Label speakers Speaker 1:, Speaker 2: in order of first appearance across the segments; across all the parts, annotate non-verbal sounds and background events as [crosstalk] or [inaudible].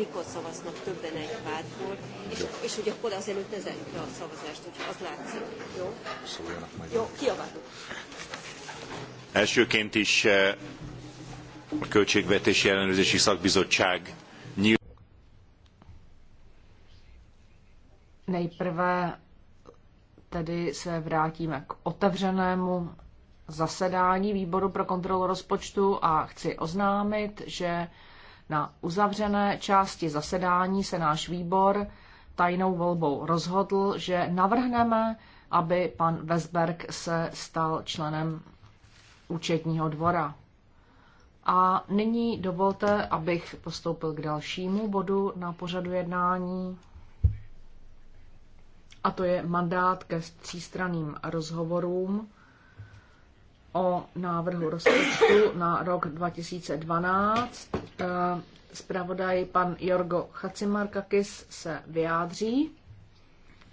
Speaker 1: mikor szavaznak többen egy pártból, és, és hogy akkor azelőtt ne zárjuk le a szavazást, hogy az látszik. Jó?
Speaker 2: Szóljanak majd. Jó,
Speaker 1: kiabálunk.
Speaker 3: Elsőként is eh, a Költségvetési Ellenőrzési Szakbizottság nyíl... Nejprve tedy se vrátíme k otevřenému zasedání výboru pro kontrolu rozpočtu a chci oznámit, že na uzavřené části zasedání se náš výbor tajnou volbou rozhodl, že navrhneme, aby pan Vesberg se stal členem účetního dvora. A nyní dovolte, abych postoupil k dalšímu bodu na pořadu jednání. A to je mandát ke třístraným rozhovorům o návrhu rozpočtu na rok 2012. Spravodaj eh, pan Jorgo Chacimarkakis se vyjádří.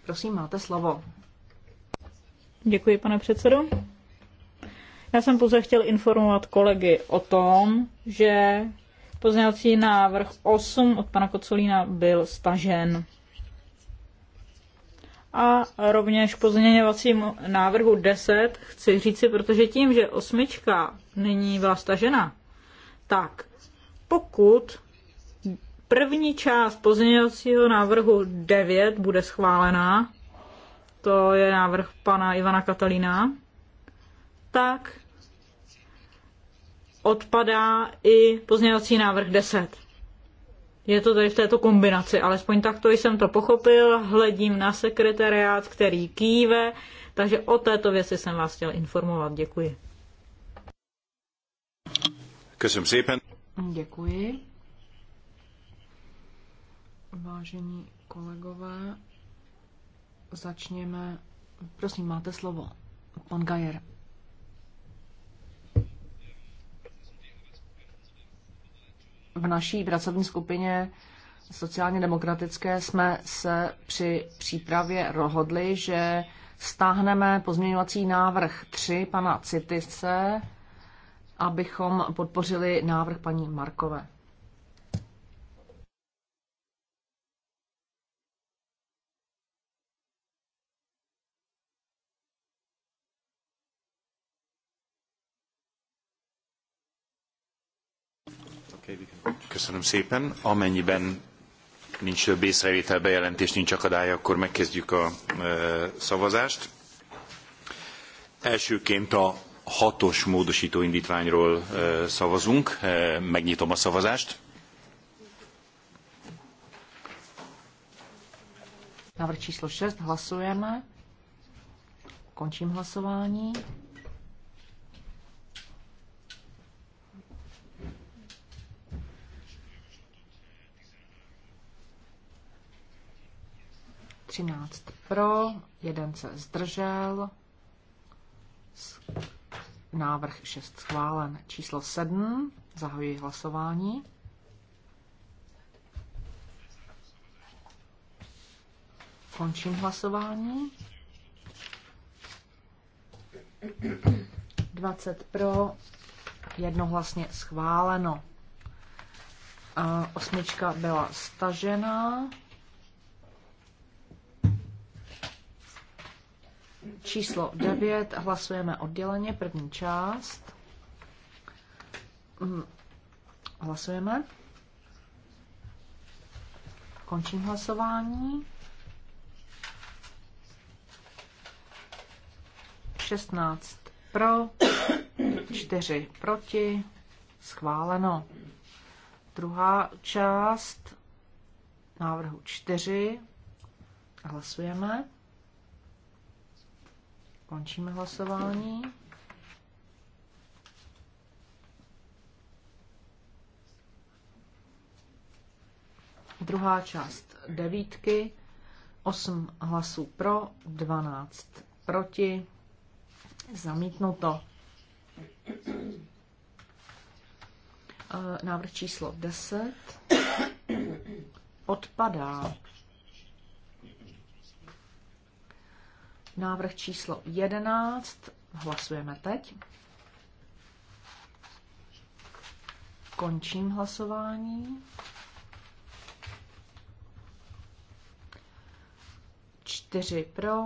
Speaker 3: Prosím, máte slovo.
Speaker 2: Děkuji, pane předsedo. Já jsem pouze chtěl informovat kolegy o tom, že pozměňovací návrh 8 od pana Kocolína byl stažen a rovněž pozměňovacím návrhu 10 chci říci, protože tím, že osmička není vlastně žena, tak pokud první část pozměňovacího návrhu 9 bude schválená, to je návrh pana Ivana Katalína, tak odpadá i pozměňovací návrh 10. Je to tady v této kombinaci, alespoň takto jsem to pochopil, hledím na sekretariát, který kýve, takže o této věci jsem vás chtěl informovat. Děkuji. Děkuji.
Speaker 3: Vážení kolegové, začněme. Prosím, máte slovo. Pan Gajer. v naší pracovní skupině sociálně demokratické jsme se při přípravě rozhodli, že stáhneme pozměňovací návrh 3 pana Citice, abychom podpořili návrh paní Markové.
Speaker 2: Köszönöm szépen. Amennyiben
Speaker 3: nincs több észrevétel, bejelentés, nincs akadály, akkor megkezdjük a e,
Speaker 1: szavazást.
Speaker 3: Elsőként a hatos módosító indítványról e, szavazunk. E, megnyitom a szavazást. Návrh číslo 6 hlasujeme. Končím hlasování. 13 pro, jeden se zdržel, návrh 6 schválen. Číslo 7, zahajuji hlasování. Končím hlasování. 20 pro, jednohlasně schváleno. A osmička byla stažena. Číslo 9 hlasujeme odděleně, první část. Mm, hlasujeme. Končím hlasování. 16 pro, 4 proti, schváleno. Druhá část návrhu 4. Hlasujeme. Končíme hlasování. Druhá část devítky, 8 hlasů pro, 12 proti, zamítnuto. Eh, návrh číslo 10 odpadá. Návrh číslo 11. Hlasujeme teď. Končím hlasování. Čtyři pro,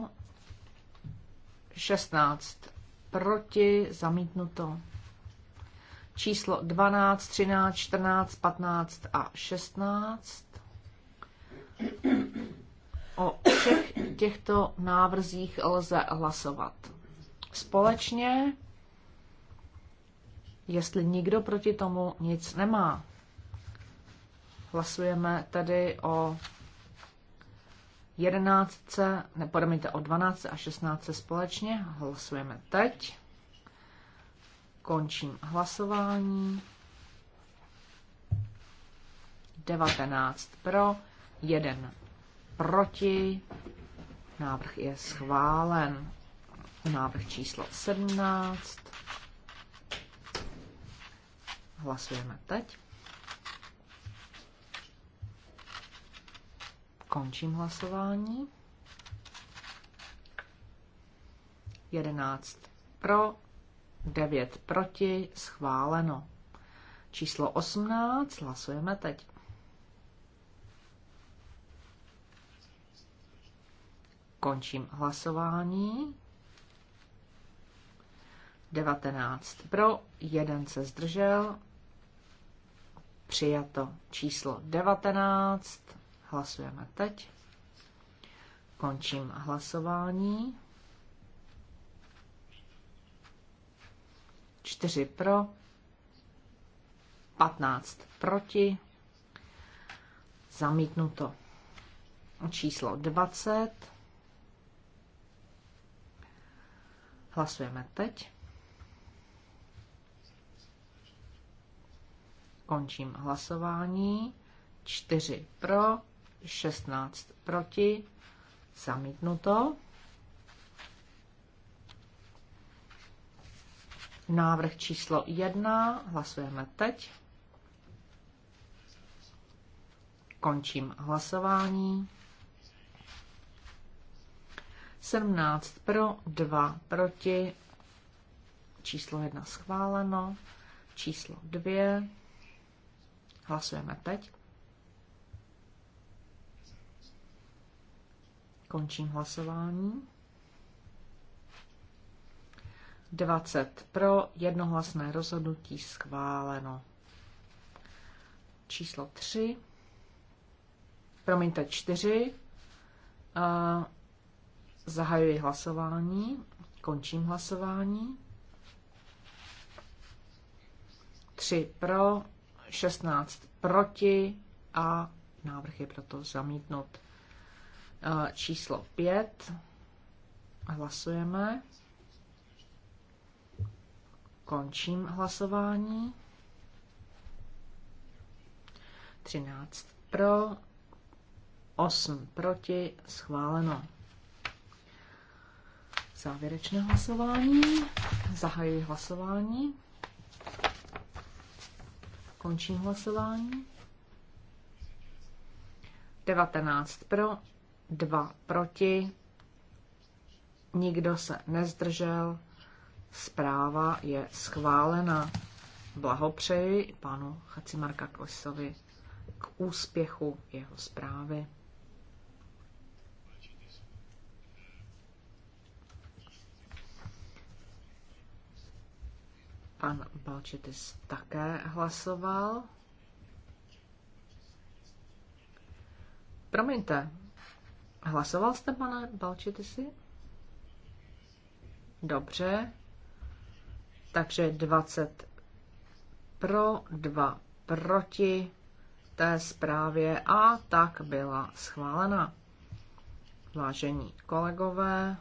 Speaker 3: 16 proti, zamítnuto. Číslo 12, 13, 14, 15 a 16. O všech těchto návrzích lze hlasovat společně, jestli nikdo proti tomu nic nemá. Hlasujeme tedy o 11, nepodomíte o 12 a 16 společně. Hlasujeme teď. Končím hlasování. 19 pro, 1 proti, návrh je schválen. Návrh číslo 17. Hlasujeme teď. Končím hlasování. 11 pro, 9 proti, schváleno. Číslo 18, hlasujeme teď. Končím hlasování. 19 pro, 1 se zdržel. Přijato číslo 19. Hlasujeme teď. Končím hlasování. 4 pro, 15 proti, zamítnuto. Číslo 20. Hlasujeme teď. Končím hlasování. 4 pro, 16 proti, zamítnuto. Návrh číslo 1 hlasujeme teď. Končím hlasování. 17 pro, 2 proti, číslo 1 schváleno, číslo 2, hlasujeme teď. Končím hlasování. 20 pro, jednohlasné rozhodnutí schváleno. Číslo 3, promiňte 4, Zahajuji hlasování, končím hlasování. 3 pro, 16 proti a návrh je proto zamítnut. E, číslo 5. Hlasujeme. Končím hlasování. 13 pro, 8 proti, schváleno. Závěrečné hlasování. Zahajuji hlasování. Končím hlasování. 19 pro, 2 proti, nikdo se nezdržel, zpráva je schválena. Blahopřeji panu Chacimarka Klesovi k úspěchu jeho zprávy. Pan Balčitis také hlasoval. Promiňte, hlasoval jste, pane Balčitisi? Dobře. Takže 20 pro, 2 proti té zprávě a tak byla schválena. Vážení kolegové,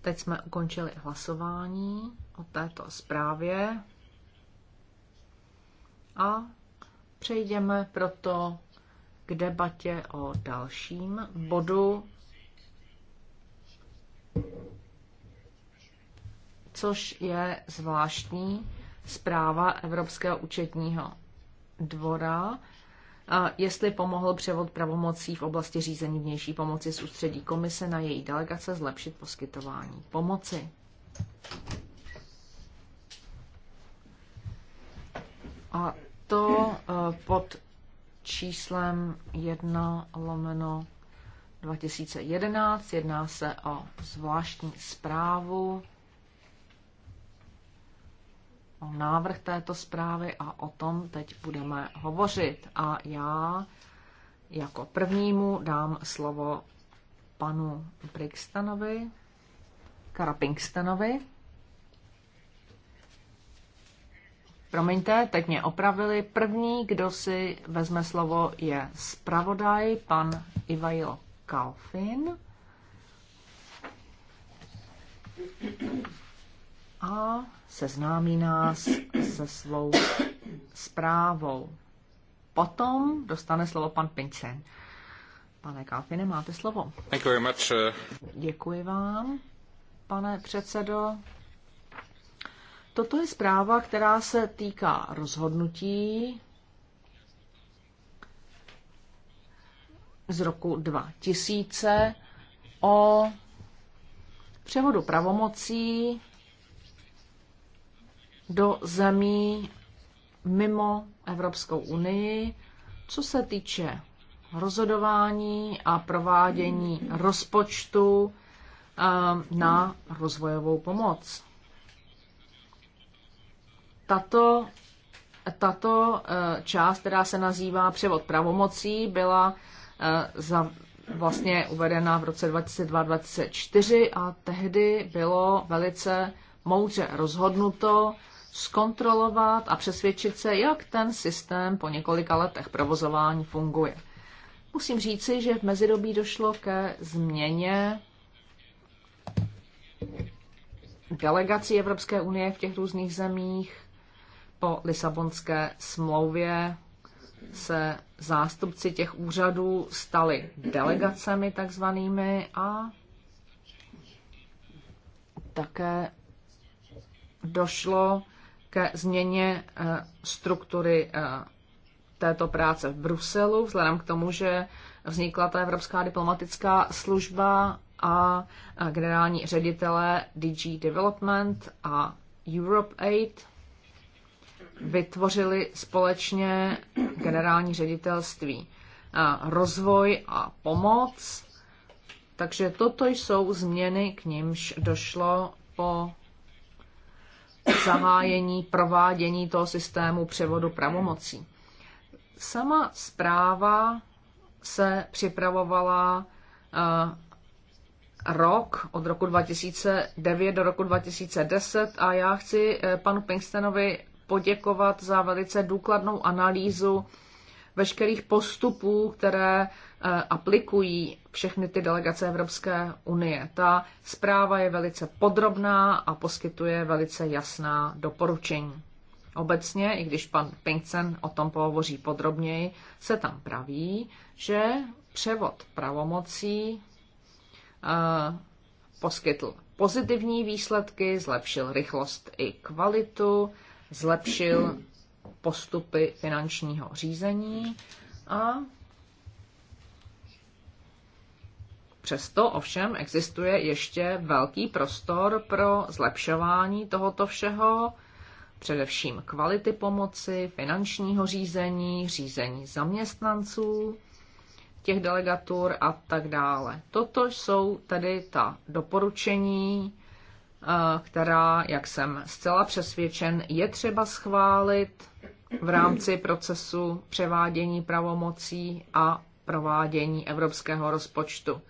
Speaker 3: teď jsme ukončili hlasování o této zprávě a přejdeme proto k debatě o dalším bodu, což je zvláštní zpráva Evropského účetního dvora, jestli pomohl převod pravomocí v oblasti řízení vnější pomoci soustředí komise na její delegace zlepšit poskytování pomoci. A to eh, pod číslem 1 lomeno 2011. Jedná se o zvláštní zprávu, o návrh této zprávy a o tom teď budeme hovořit. A já jako prvnímu dám slovo panu Brixtonovi, Karapingstanovi. Promiňte, teď mě opravili. První, kdo si vezme slovo, je zpravodaj, pan Ivail Kalfin. A seznámí nás se svou zprávou. Potom dostane slovo pan Pincen. Pane Kalfine, máte slovo. Uh, Děkuji vám, pane předsedo. Toto je zpráva, která se týká rozhodnutí z roku 2000 o převodu pravomocí do zemí mimo Evropskou unii, co se týče rozhodování a provádění rozpočtu eh, na rozvojovou pomoc tato, tato eh, část, která se nazývá převod pravomocí, byla eh, za, vlastně uvedena v roce 2022-2024 a tehdy bylo velice moudře rozhodnuto zkontrolovat a přesvědčit se, jak ten systém po několika letech provozování funguje. Musím říci, že v mezidobí došlo ke změně delegací Evropské unie v těch různých zemích po Lisabonské smlouvě se zástupci těch úřadů stali delegacemi takzvanými a také došlo ke změně eh, struktury eh, této práce v Bruselu, vzhledem k tomu, že vznikla ta Evropská diplomatická služba a eh, generální ředitelé DG Development a Europe Aid vytvořili společně generální ředitelství eh, rozvoj a pomoc. Takže toto jsou změny, k nimž došlo po zahájení provádění toho systému převodu pravomocí. Sama zpráva se připravovala eh, rok, od roku 2009 do roku 2010 a já chci eh, panu Pinkstenovi poděkovat za velice důkladnou analýzu veškerých postupů, které eh, aplikují všechny ty delegace Evropské unie. Ta zpráva je velice podrobná a poskytuje velice jasná doporučení. Obecně, i když pan Pinkcen o tom pohovoří podrobněji, se tam praví, že převod pravomocí eh, poskytl pozitivní výsledky, zlepšil rychlost i kvalitu zlepšil postupy finančního řízení a Přesto ovšem existuje ještě velký prostor pro zlepšování tohoto všeho, především kvality pomoci, finančního řízení, řízení zaměstnanců, těch delegatur a tak dále. Toto jsou tedy ta doporučení, která, jak jsem zcela přesvědčen, je třeba schválit v rámci procesu převádění pravomocí a provádění evropského rozpočtu.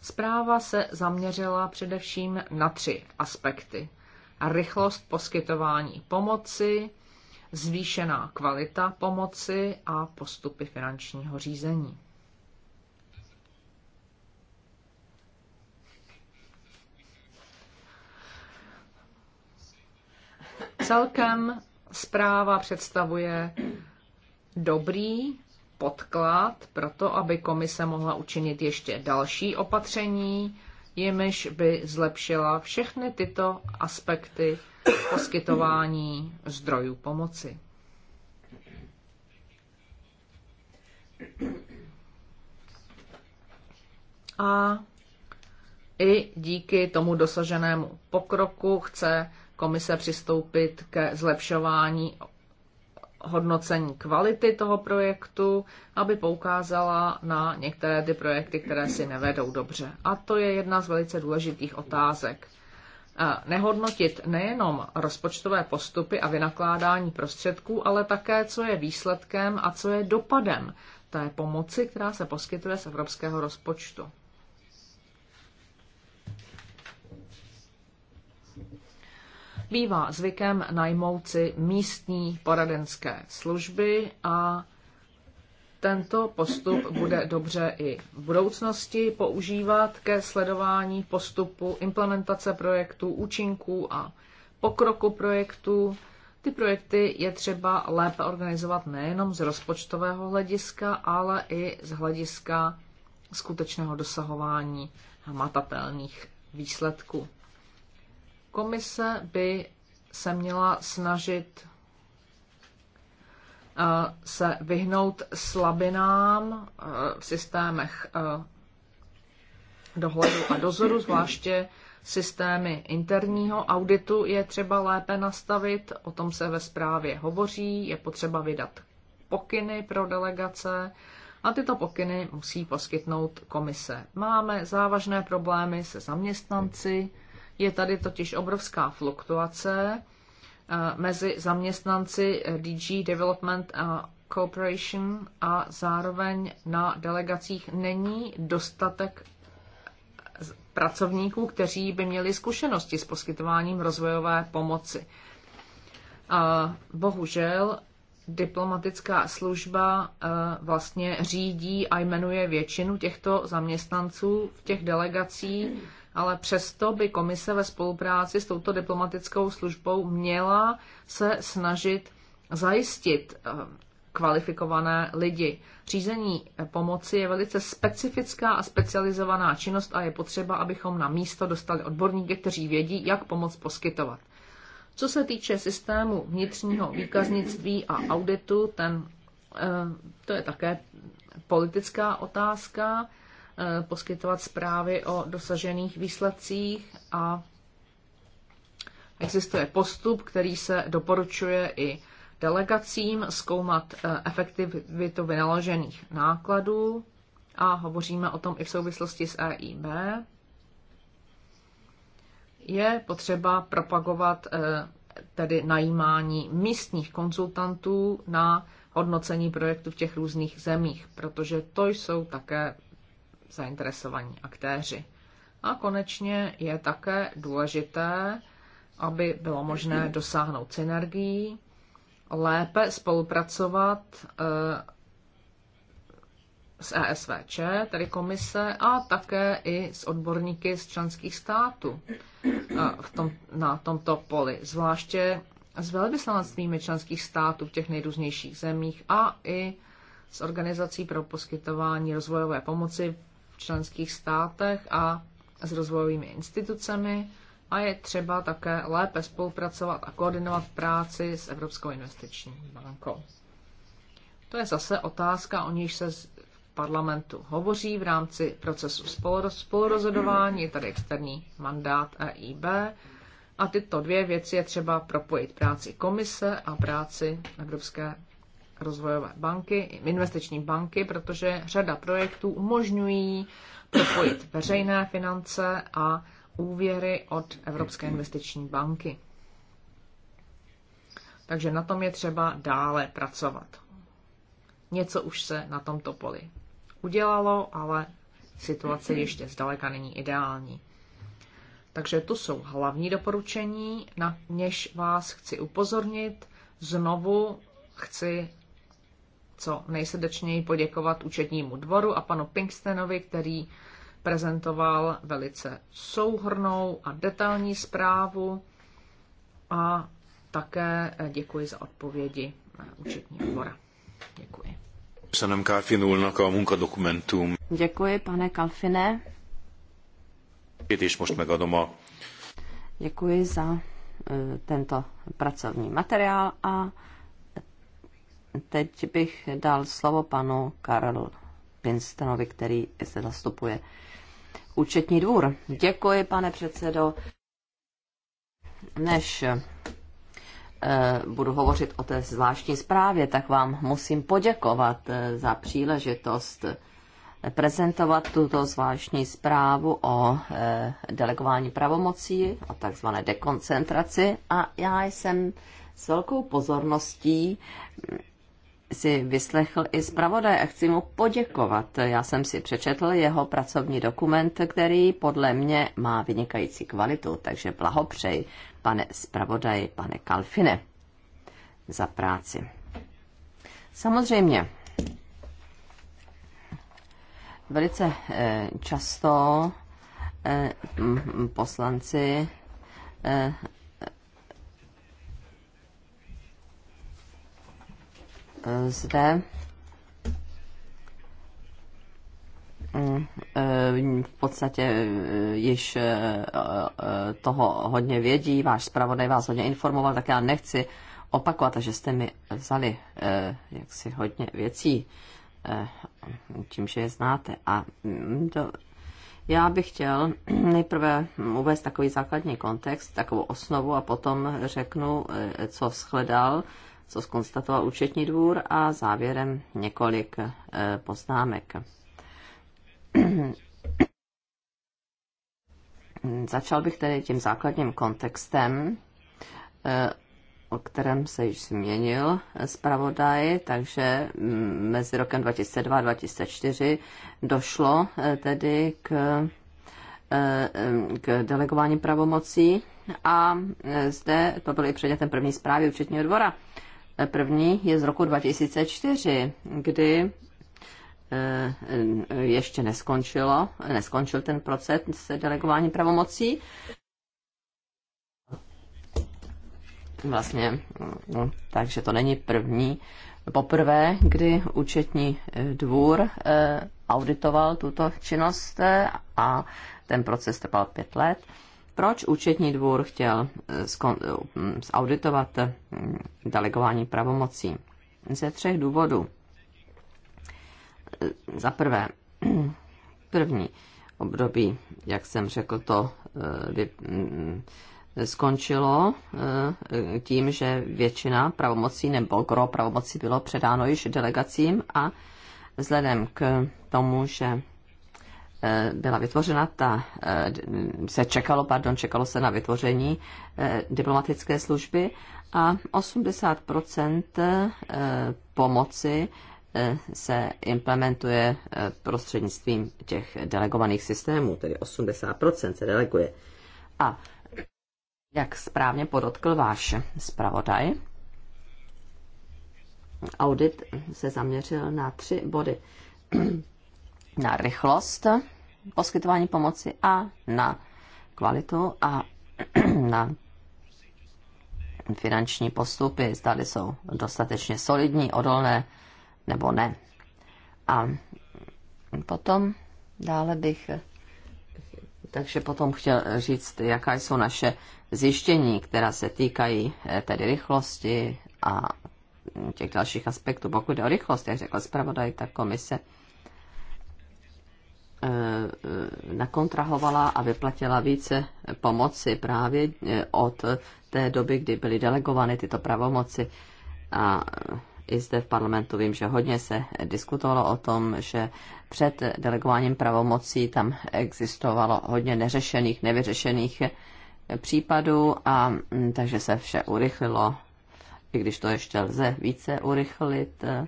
Speaker 3: Zpráva se zaměřila především na tři aspekty. Rychlost poskytování pomoci, zvýšená kvalita pomoci a postupy finančního řízení. Celkem zpráva představuje dobrý podklad pro to, aby komise mohla učinit ještě další opatření, jimiž by zlepšila všechny tyto aspekty poskytování zdrojů pomoci. A i díky tomu dosaženému pokroku chce komise přistoupit ke zlepšování hodnocení kvality toho projektu, aby poukázala na některé ty projekty, které si nevedou dobře. A to je jedna z velice důležitých otázek. Nehodnotit nejenom rozpočtové postupy a vynakládání prostředků, ale také, co je výsledkem a co je dopadem té pomoci, která se poskytuje z evropského rozpočtu. Bývá zvykem najmout si místní poradenské služby a tento postup bude dobře i v budoucnosti používat ke sledování postupu implementace projektů, účinků a pokroku projektů. Ty projekty je třeba lépe organizovat nejenom z rozpočtového hlediska, ale i z hlediska skutečného dosahování hmatatelných výsledků. Komise by se měla snažit eh, se vyhnout slabinám eh, v systémech eh, dohledu a dozoru, zvláště systémy interního auditu je třeba lépe nastavit, o tom se ve zprávě hovoří, je potřeba vydat pokyny pro delegace a tyto pokyny musí poskytnout komise. Máme závažné problémy se zaměstnanci, je tady totiž obrovská fluktuace eh, mezi zaměstnanci eh, DG Development Cooperation eh, Corporation a zároveň na delegacích není dostatek pracovníků, kteří by měli zkušenosti s poskytováním rozvojové pomoci. A bohužel diplomatická služba vlastně řídí a jmenuje většinu těchto zaměstnanců v těch delegacích ale přesto by komise ve spolupráci s touto diplomatickou službou měla se snažit zajistit eh, kvalifikované lidi. Řízení eh, pomoci je velice specifická a specializovaná činnost a je potřeba, abychom na místo dostali odborníky, kteří vědí, jak pomoc poskytovat. Co se týče systému vnitřního výkaznictví a auditu, ten, eh, to je také politická otázka. Eh, poskytovat zprávy o dosažených výsledcích a existuje postup, který se doporučuje i delegacím zkoumat eh, efektivitu vynaložených nákladů a hovoříme o tom i v souvislosti s EIB. Je potřeba propagovat eh, tedy najímání místních konzultantů na hodnocení projektu v těch různých zemích, protože to jsou také zainteresovaní aktéři. A konečně je také důležité, aby bylo možné dosáhnout synergií, lépe spolupracovat eh, s ESVČ, tedy komise, a také i s odborníky z členských států eh, v tom, na tomto poli, zvláště s velvyslanectvími členských států v těch nejrůznějších zemích a i s organizací pro poskytování rozvojové pomoci členských státech a s rozvojovými institucemi a je třeba také lépe spolupracovat a koordinovat práci s Evropskou investiční bankou. To je zase otázka, o níž se v parlamentu hovoří v rámci procesu spolurozhodování, je tady externí mandát EIB a tyto dvě věci je třeba propojit práci komise a práci Evropské rozvojové banky, investiční banky, protože řada projektů umožňují propojit veřejné finance a úvěry od Evropské investiční banky. Takže na tom je třeba dále pracovat. Něco už se na tomto poli udělalo, ale situace ještě zdaleka není ideální. Takže to jsou hlavní doporučení, na něž vás chci upozornit. Znovu chci co nejsrdečněji poděkovat účetnímu dvoru a panu Pinkstenovi, který prezentoval velice souhrnou a detailní zprávu a také děkuji za
Speaker 1: odpovědi účetního dvora.
Speaker 3: Děkuji. Köszönöm Kálfin a
Speaker 1: munkadokumentum. Děkuji, pane Kalfine. És most megadom a... Děkuji za e, tento pracovní materiál a teď bych dal slovo panu Karlu Pinstonovi, který se zastupuje účetní dvůr. Děkuji, pane předsedo. Než eh, budu hovořit o té zvláštní zprávě, tak vám musím poděkovat eh, za příležitost eh, prezentovat tuto zvláštní zprávu o delegování pravomocí, o takzvané dekoncentraci. A já jsem s velkou pozorností si vyslechl i zpravodaj a chci mu poděkovat. Já jsem si přečetl jeho pracovní dokument, který podle mě má vynikající kvalitu, takže blahopřej, pane zpravodaj, pane Kalfine, za práci. Samozřejmě, velice eh, často eh, poslanci eh, zde mm, e, v podstatě e, již e, toho hodně vědí, váš zpravodaj vás hodně informoval, tak já nechci opakovat, že jste mi vzali jaksi hodně věcí tím, že je znáte. A mm, to, já bych chtěl nejprve uvést takový základní kontext, takovou osnovu a potom řeknu, co shledal co skonstatoval účetní dvůr a závěrem několik eh, poznámek. [clears throat] Začal bych tedy tím základním kontextem, eh, o kterém se již změnil zpravodaj, takže mm, mezi rokem 2002 a 2004 došlo eh, tedy k, k delegování pravomocí a zde to byly předmětem první zprávy účetního dvora První je z roku 2004, kdy eh, eh, ještě neskončilo, neskončil ten proces se delegování pravomocí. Vlastně, no, takže to není první poprvé, kdy účetní eh, dvůr auditoval tuto činnost a ten proces trval pět let proč účetní dvůr chtěl eh, eh, mm, zauditovat eh, mm, delegování pravomocí. Ze třech důvodů. Za prvé, [clears throat] první období, jak jsem řekl, to vy, mm, skončilo tím, že většina pravomocí nebo gro pravomocí bylo předáno již delegacím a vzhledem k tomu, že Eh, byla vytvořena ta, eh, se čekalo, pardon, čekalo se na vytvoření eh, diplomatické služby a 80 pomoci se implementuje prostřednictvím těch delegovaných systémů, tedy 80 se deleguje. A jak správně podotkl váš zpravodaj, audit se zaměřil na tři body na rychlost poskytování pomoci a na kvalitu a [clears throat] na finanční postupy, zdali jsou dostatečně solidní, odolné nebo ne. A potom dále bych, takže potom chtěl říct, jaká jsou naše zjištění, která se týkají eh, tedy rychlosti a těch dalších aspektů. Pokud jde o rychlost, jak řekl zpravodaj, tak komise Eh, nakontrahovala a vyplatila více pomoci právě eh, od té doby, kdy byly delegovány tyto pravomoci. A i zde v parlamentu vím, že hodně se diskutovalo o tom, že před delegováním pravomocí tam existovalo hodně neřešených, nevyřešených případů, a mm, takže se vše urychlilo, i když to ještě lze více urychlit. Eh,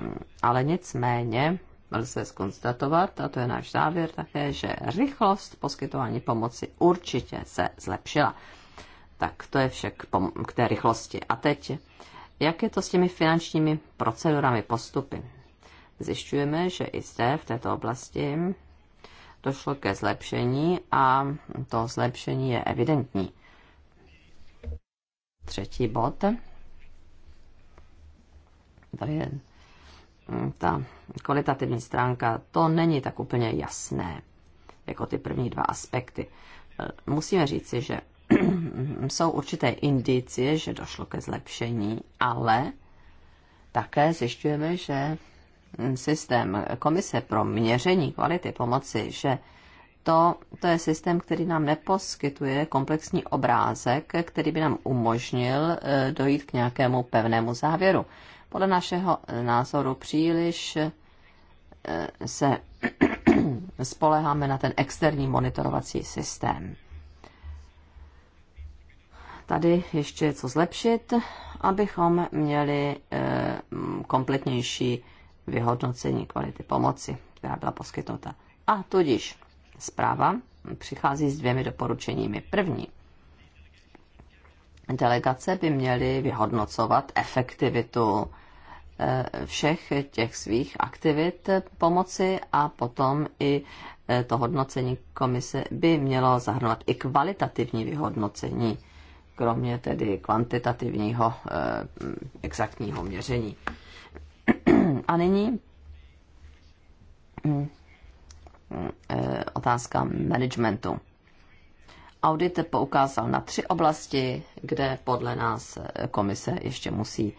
Speaker 1: mm, ale nicméně lze skonstatovat, a to je náš závěr také, že rychlost poskytování pomoci určitě se zlepšila. Tak to je vše k, k té rychlosti. A teď, jak je to s těmi finančními procedurami, postupy? Zjišťujeme, že i zde v této oblasti došlo ke zlepšení a to zlepšení je evidentní. Třetí bod. Tady je Mm, ta kvalitativní stránka, to není tak úplně jasné, jako ty první dva aspekty. Eh, musíme říci, že [clears throat] jsou určité indicie, že došlo ke zlepšení, ale také zjišťujeme, že systém Komise pro měření kvality pomoci, že to, to je systém, který nám neposkytuje komplexní obrázek, který by nám umožnil eh, dojít k nějakému pevnému závěru. Podle našeho eh, názoru příliš eh, se [clears throat] spoleháme na ten externí monitorovací systém. Tady ještě co zlepšit, abychom měli eh, kompletnější vyhodnocení kvality pomoci, která byla poskytnuta. A tudíž zpráva přichází s dvěmi doporučeními. První, delegace by měly vyhodnocovat efektivitu Eh, všech těch svých aktivit pomoci a potom i eh, to hodnocení komise by mělo zahrnovat i kvalitativní vyhodnocení, kromě tedy kvantitativního eh, exaktního měření. [clears throat] A nyní mm, otázka managementu. Audit poukázal na tři oblasti, kde podle nás komise ještě musí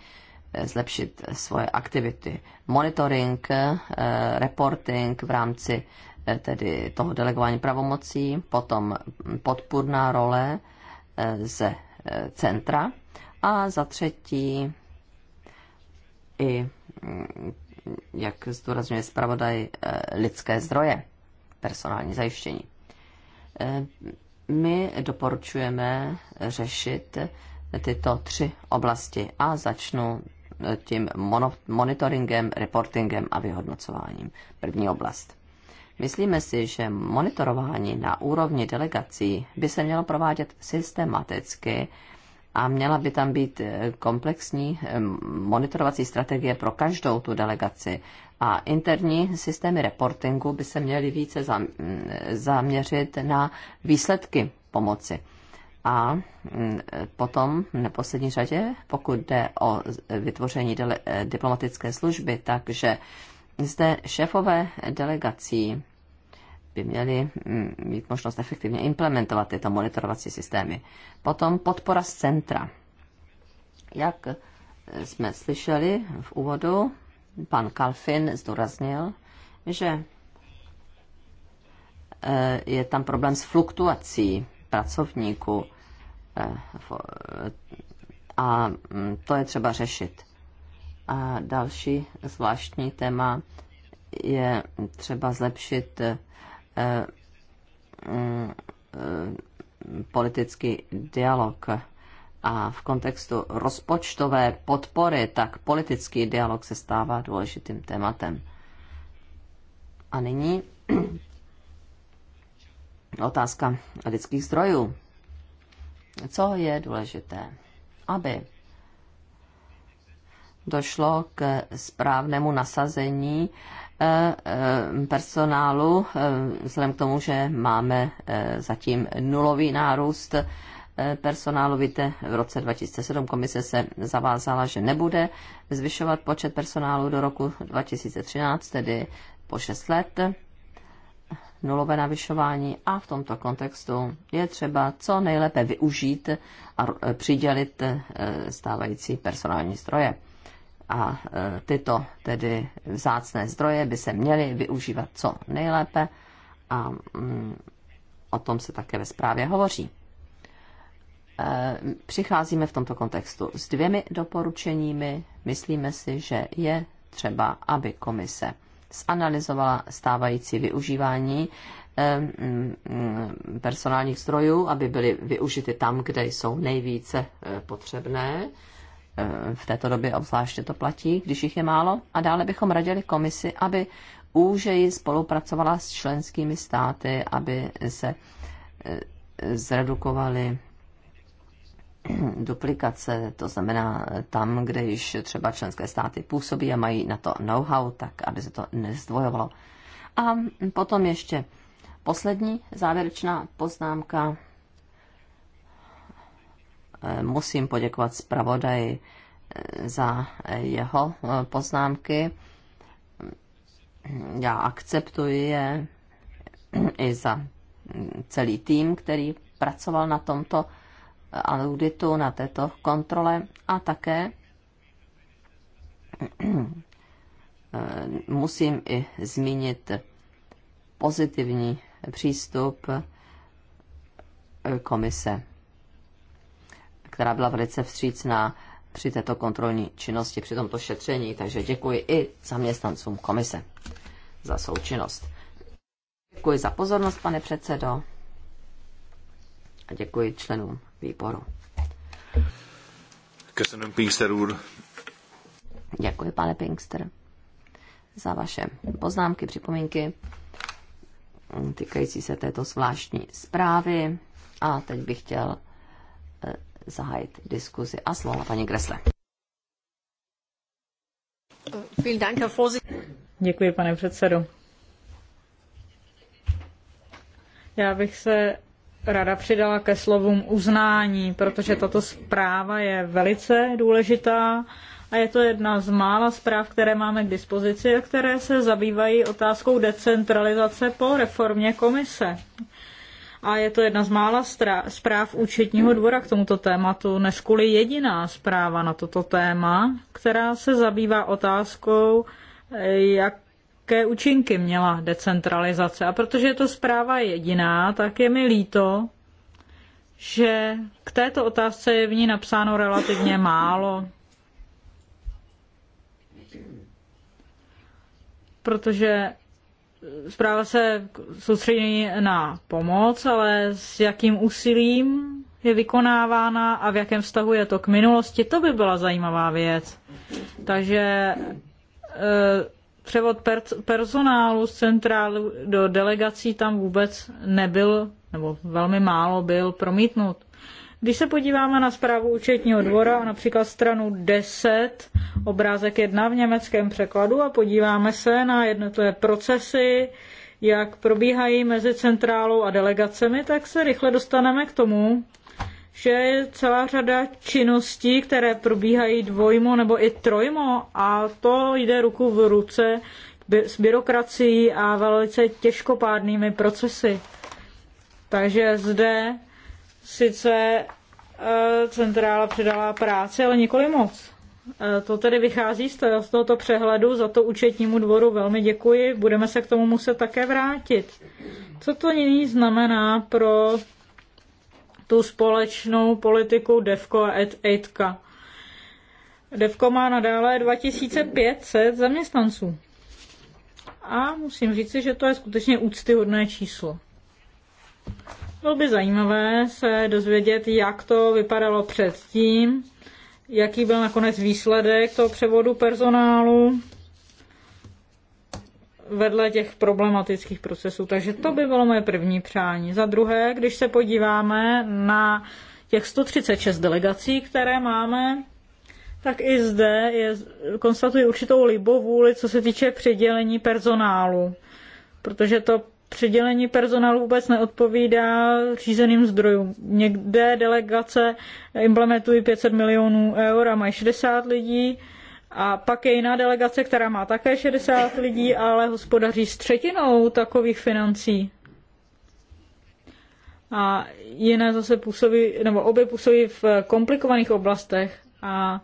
Speaker 1: zlepšit svoje aktivity. Monitoring, eh, reporting v rámci eh, tedy toho delegování pravomocí, potom podpůrná role eh, ze centra a za třetí i, mm, jak zdůrazňuje zpravodaj, lidské zdroje, personální zajištění. My doporučujeme řešit tyto tři oblasti a začnu tím monitoringem, reportingem a vyhodnocováním. První oblast. Myslíme si, že monitorování na úrovni delegací by se mělo provádět systematicky a měla by tam být eh, komplexní monitorovací strategie pro každou tu delegaci. A interní systémy reportingu by se měly více mm, zaměřit na výsledky pomoci. A mm, potom, v neposlední řadě, pokud jde o vytvoření dele, eh, diplomatické služby, takže zde šéfové delegací by měli mm, mít možnost efektivně implementovat tyto monitorovací systémy. Potom podpora z centra. Jak eh, jsme slyšeli v úvodu, pan Kalfin zdůraznil, že eh, je tam problém s fluktuací pracovníků Eh, eh, a mm, to je třeba řešit. A další zvláštní téma je třeba zlepšit eh, mm, politický dialog. A v kontextu rozpočtové podpory, tak politický dialog se stává důležitým tématem. A nyní [clears throat] otázka lidských zdrojů. Co je důležité? Aby došlo k správnému nasazení eh, eh, personálu, eh, vzhledem k tomu, že máme zatím nulový nárůst personálu. Víte, v roce 2007 komise se zavázala, že nebude zvyšovat počet personálu do roku 2013, tedy po 6 let nulové navyšování a v tomto kontextu je třeba co nejlépe využít a e, přidělit e, stávající personální zdroje. A e, tyto tedy vzácné zdroje by se měly využívat co nejlépe a mm, o tom se také ve zprávě hovoří. Přicházíme v tomto kontextu s dvěmi doporučeními. Myslíme si, že je třeba, aby komise zanalizovala stávající využívání mm, personálních zdrojů, aby byly využity tam, kde jsou nejvíce e, potřebné. E, v této době obzvláště to platí, když jich je málo. A dále bychom radili komisi, aby úžeji spolupracovala s členskými státy, aby se e, zredukovaly [clears throat] duplikace, to znamená tam, kde již třeba členské státy působí a mají na to know-how, tak aby se to nezdvojovalo. A potom ještě poslední závěrečná poznámka. Eh, musím poděkovat zpravodaji eh, za jeho eh, poznámky. Já akceptuji je i za mm, celý tým, který pracoval na tomto auditu, na této kontrole a také [clears throat] musím i zmínit pozitivní přístup komise, která byla velice vstřícná při této kontrolní činnosti, při tomto šetření, takže děkuji i zaměstnancům komise za součinnost. Děkuji za pozornost, pane předsedo, a děkuji členům výboru. Köszönöm, Pinkster úr. Děkuji, pane Pinkster, za vaše poznámky, připomínky týkající se této zvláštní zprávy. A teď bych chtěl eh, zahájit diskuzi a slovo paní Gresle. Děkuji, pane předsedo.
Speaker 2: Já bych se rada přidala ke slovům uznání, protože tato zpráva je velice důležitá a je to jedna z mála zpráv, které máme k dispozici a které se zabývají otázkou decentralizace po reformě komise. A je to jedna z mála zpráv účetního dvora k tomuto tématu, než kvůli jediná zpráva na toto téma, která se zabývá otázkou, eh, jak jaké účinky měla decentralizace. A protože je to zpráva jediná, tak je mi líto, že k této otázce je v ní napsáno relativně málo. Protože zpráva se soustředí na pomoc, ale s jakým úsilím je vykonávána a v jakém vztahu je to k minulosti, to by byla zajímavá věc. Takže eh, převod personálu z centrálu do delegací tam vůbec nebyl, nebo velmi málo byl promítnut. Když se podíváme na zprávu účetního dvora a například stranu 10, obrázek 1 v německém překladu a podíváme se na jednotlivé procesy, jak probíhají mezi centrálou a delegacemi, tak se rychle dostaneme k tomu, že je celá řada činností, které probíhají dvojmo nebo i trojmo a to jde ruku v ruce s byrokracií a velice těžkopádnými procesy. Takže zde sice eh, centrála předala práci, ale nikoli moc. Eh, to tedy vychází z tohoto přehledu, za to účetnímu dvoru velmi děkuji, budeme se k tomu muset také vrátit. Co to nyní znamená pro tu společnou politiku DEVCO a EITKA. DEVCO má nadále 2500 zaměstnanců. A musím říci, že to je skutečně úctyhodné číslo. Bylo by zajímavé se dozvědět, jak to vypadalo předtím, jaký byl nakonec výsledek toho převodu personálu, vedle těch problematických procesů. Takže to by bylo moje první přání. Za druhé, když se podíváme na těch 136 delegací, které máme, tak i zde je, konstatuji určitou libovůli, co se týče přidělení personálu. Protože to přidělení personálu vůbec neodpovídá řízeným zdrojům. Někde delegace implementují 500 milionů eur a mají 60 lidí, a pak je jiná delegace, která má také 60 lidí, ale hospodaří s třetinou takových financí. A jiné zase působí, nebo obě působí v komplikovaných oblastech. A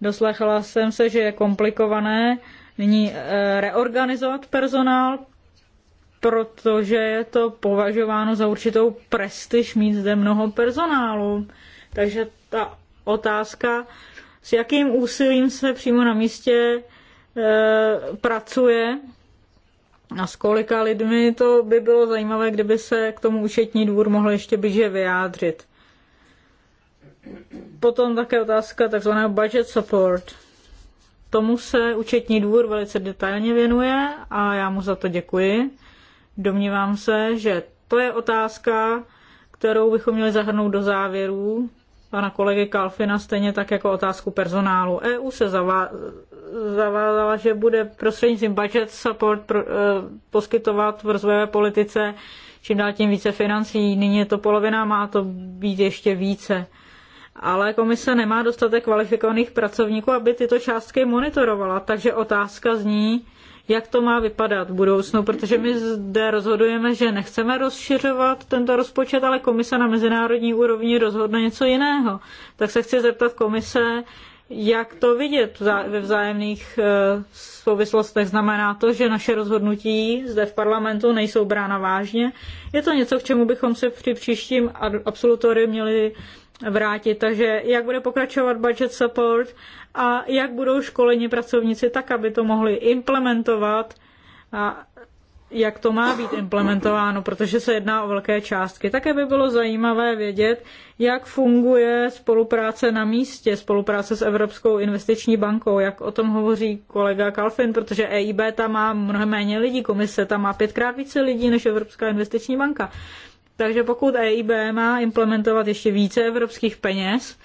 Speaker 2: doslechla jsem se, že je komplikované nyní eh, reorganizovat personál, protože je to považováno za určitou prestiž mít zde mnoho personálu. Takže ta otázka, s jakým úsilím se přímo na místě e, pracuje a s kolika lidmi, to by bylo zajímavé, kdyby se k tomu účetní dvůr mohl ještě blíže vyjádřit. Potom také otázka tzv. budget support. Tomu se účetní dvůr velice detailně věnuje a já mu za to děkuji. Domnívám se, že to je otázka, kterou bychom měli zahrnout do závěrů pana kolegy Kalfina, stejně tak jako otázku personálu. EU se zavá, zavázala, že bude prostřednictvím budget support pro, eh, poskytovat v rozvojové politice čím dál tím více financí. Nyní je to polovina, má to být ještě více. Ale komise nemá dostatek kvalifikovaných pracovníků, aby tyto částky monitorovala. Takže otázka zní, eh, jak to má vypadat v budoucnu, protože my zde rozhodujeme, že nechceme rozšiřovat tento rozpočet, ale komise na mezinárodní úrovni rozhodne něco jiného. Tak se chci zeptat komise, jak to vidět ve vzájemných eh, souvislostech? Znamená to, že naše rozhodnutí zde v parlamentu nejsou brána vážně? Je to něco, k čemu bychom se při příštím absolutory měli vrátit. Takže jak bude pokračovat budget support a jak budou školení pracovníci tak, aby to mohli implementovat a jak to má být implementováno, protože se jedná o velké částky. Také by bylo zajímavé vědět, jak funguje spolupráce na místě, spolupráce s Evropskou investiční bankou, jak o tom hovoří kolega Kalfin, protože EIB tam má mnohem méně lidí, komise tam má pětkrát více lidí než Evropská investiční banka. Takže pokud EIB má implementovat ještě více evropských peněz,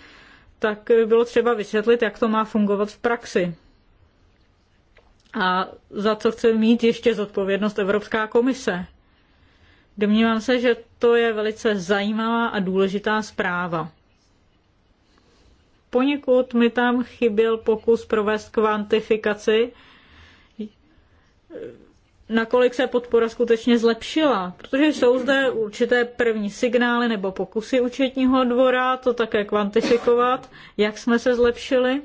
Speaker 2: tak by bylo třeba vysvětlit, jak to má fungovat v praxi. A za co chce mít ještě zodpovědnost Evropská komise. Domnívám se, že to je velice zajímavá a důležitá zpráva. Poněkud mi tam chyběl pokus provést kvantifikaci nakolik se podpora skutečně zlepšila, protože jsou zde určité první signály nebo pokusy účetního dvora to také kvantifikovat, jak jsme se zlepšili.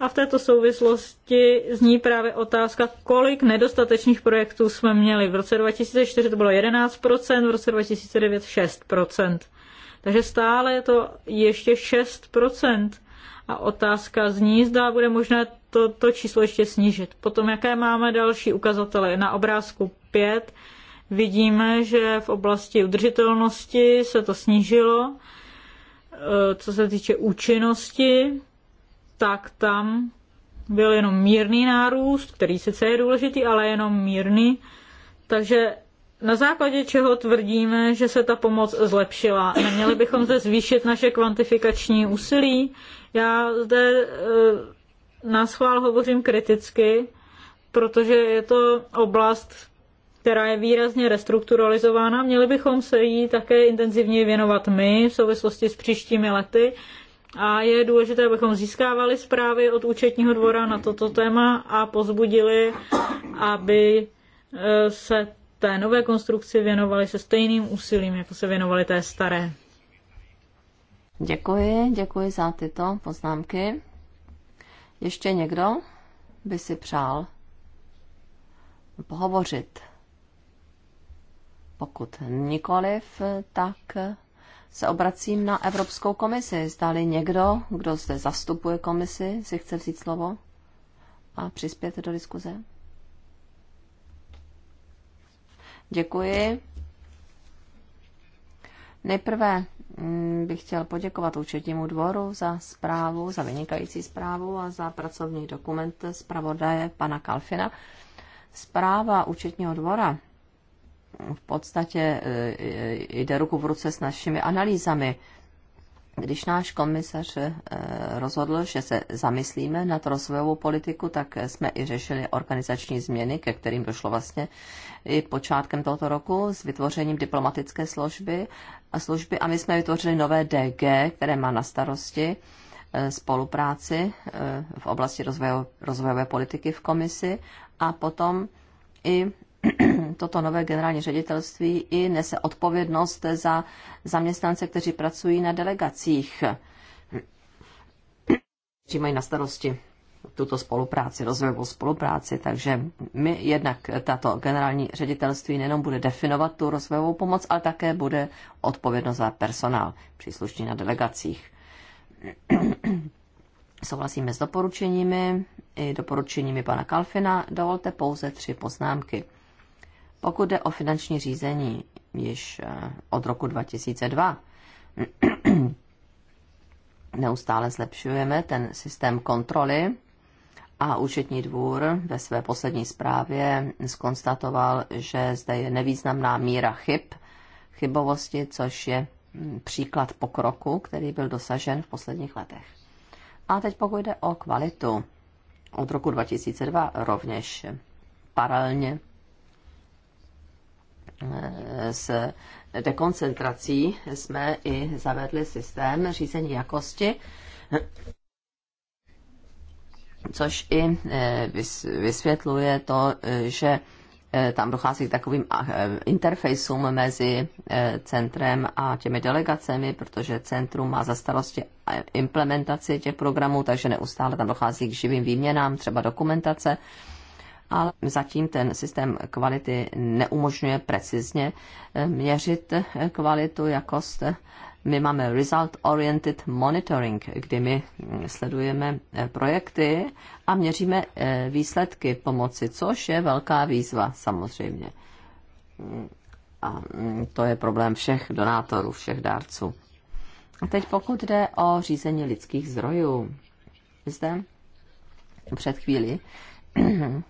Speaker 2: A v této souvislosti zní právě otázka, kolik nedostatečných projektů jsme měli. V roce 2004 to bylo 11%, v roce 2009 6%. Takže stále je to ještě 6%. A otázka zní, zda bude možné to, to číslo ještě snížit. Potom, jaké máme další ukazatele? Na obrázku 5 vidíme, že v oblasti udržitelnosti se to snížilo. E, co se týče účinnosti, tak tam byl jenom mírný nárůst, který sice je důležitý, ale jenom mírný. Takže na základě čeho tvrdíme, že se ta pomoc zlepšila? Neměli bychom zde zvýšit naše kvantifikační úsilí? Já zde eh, na schvál hovořím kriticky, protože je to oblast, která je výrazně restrukturalizována. Měli bychom se jí také intenzivně věnovat my v souvislosti s příštími lety. A je důležité, abychom získávali zprávy od účetního dvora na toto téma a pozbudili, aby eh, se té nové konstrukci věnovali se stejným úsilím, jako se věnovali té staré.
Speaker 1: Děkuji, děkuji za tyto poznámky. Ještě někdo by si přál pohovořit? Pokud nikoliv, tak se obracím na Evropskou komisi. Zdali někdo, kdo zde zastupuje komisi, si chce vzít slovo a přispět do diskuze? Děkuji. Nejprve Mm, bych chtěl poděkovat účetnímu dvoru za zprávu, za vynikající zprávu a za pracovní dokument zpravodaje pana Kalfina. Zpráva účetního dvora v podstatě e, e, jde ruku v ruce s našimi analýzami. Když náš komisař e, rozhodl, že se zamyslíme nad rozvojovou politiku, tak jsme i řešili organizační změny, ke kterým došlo vlastně i počátkem tohoto roku s vytvořením diplomatické složby a služby a my jsme vytvořili nové DG, které má na starosti e, spolupráci e, v oblasti rozvojo, rozvojové politiky v komisi a potom i [clears throat] toto nové generální ředitelství i nese odpovědnost za zaměstnance, kteří pracují na delegacích, [clears throat] kteří mají na starosti tuto spolupráci, rozvojovou spolupráci. Takže my jednak tato generální ředitelství nejenom bude definovat tu rozvojovou pomoc, ale také bude odpovědnost za personál příslušný na delegacích. [clears throat] Souhlasíme s doporučeními i doporučeními pana Kalfina. Dovolte pouze tři poznámky. Pokud jde o finanční řízení již eh, od roku 2002, [clears throat] neustále zlepšujeme ten systém kontroly a účetní dvůr ve své poslední zprávě skonstatoval, že zde je nevýznamná míra chyb, chybovosti, což je mm, příklad pokroku, který byl dosažen v posledních letech. A teď pokud jde o kvalitu, od roku 2002 rovněž paralelně eh, s dekoncentrací jsme i zavedli systém řízení jakosti, což i eh, vysvětluje to, eh, že eh, tam dochází k takovým interfejsům mezi centrem a těmi delegacemi, protože centrum má za starosti implementaci těch programů, takže neustále tam dochází k živým výměnám, třeba dokumentace. Ale zatím ten systém kvality neumožňuje precizně měřit kvalitu, jakost my máme Result Oriented Monitoring, kdy my mm, sledujeme eh, projekty a měříme eh, výsledky pomoci, což je velká výzva samozřejmě. Mm, a mm, to je problém všech donátorů, všech dárců. A teď pokud jde o řízení lidských zdrojů. Zde před chvíli [clears throat] eh,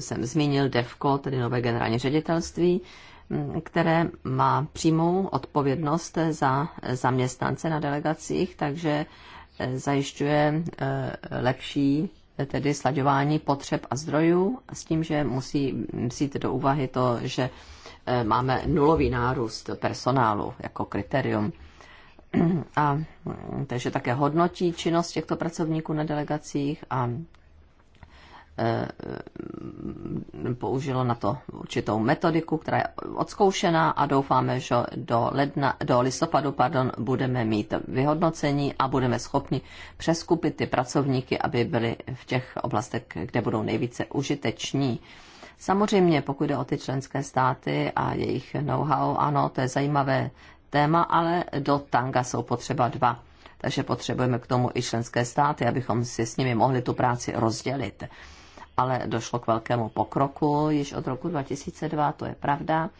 Speaker 1: jsem zmínil devco, tedy nové generální ředitelství, které má přímou odpovědnost za zaměstnance na delegacích, takže eh, zajišťuje eh, lepší eh, tedy slaďování potřeb a zdrojů s tím, že musí vzít do úvahy to, že máme nulový nárůst personálu jako kritérium. A, mm, takže také hodnotí činnost těchto pracovníků na delegacích a Eh, použilo na to určitou metodiku, která je odzkoušená a doufáme, že do, ledna, do listopadu pardon, budeme mít vyhodnocení a budeme schopni přeskupit ty pracovníky, aby byli v těch oblastech, kde budou nejvíce užiteční. Samozřejmě, pokud jde o ty členské státy a jejich know-how, ano, to je zajímavé téma, ale do tanga jsou potřeba dva. Takže potřebujeme k tomu i členské státy, abychom si s nimi mohli tu práci rozdělit ale došlo k velkému pokroku již od roku 2002, to je pravda.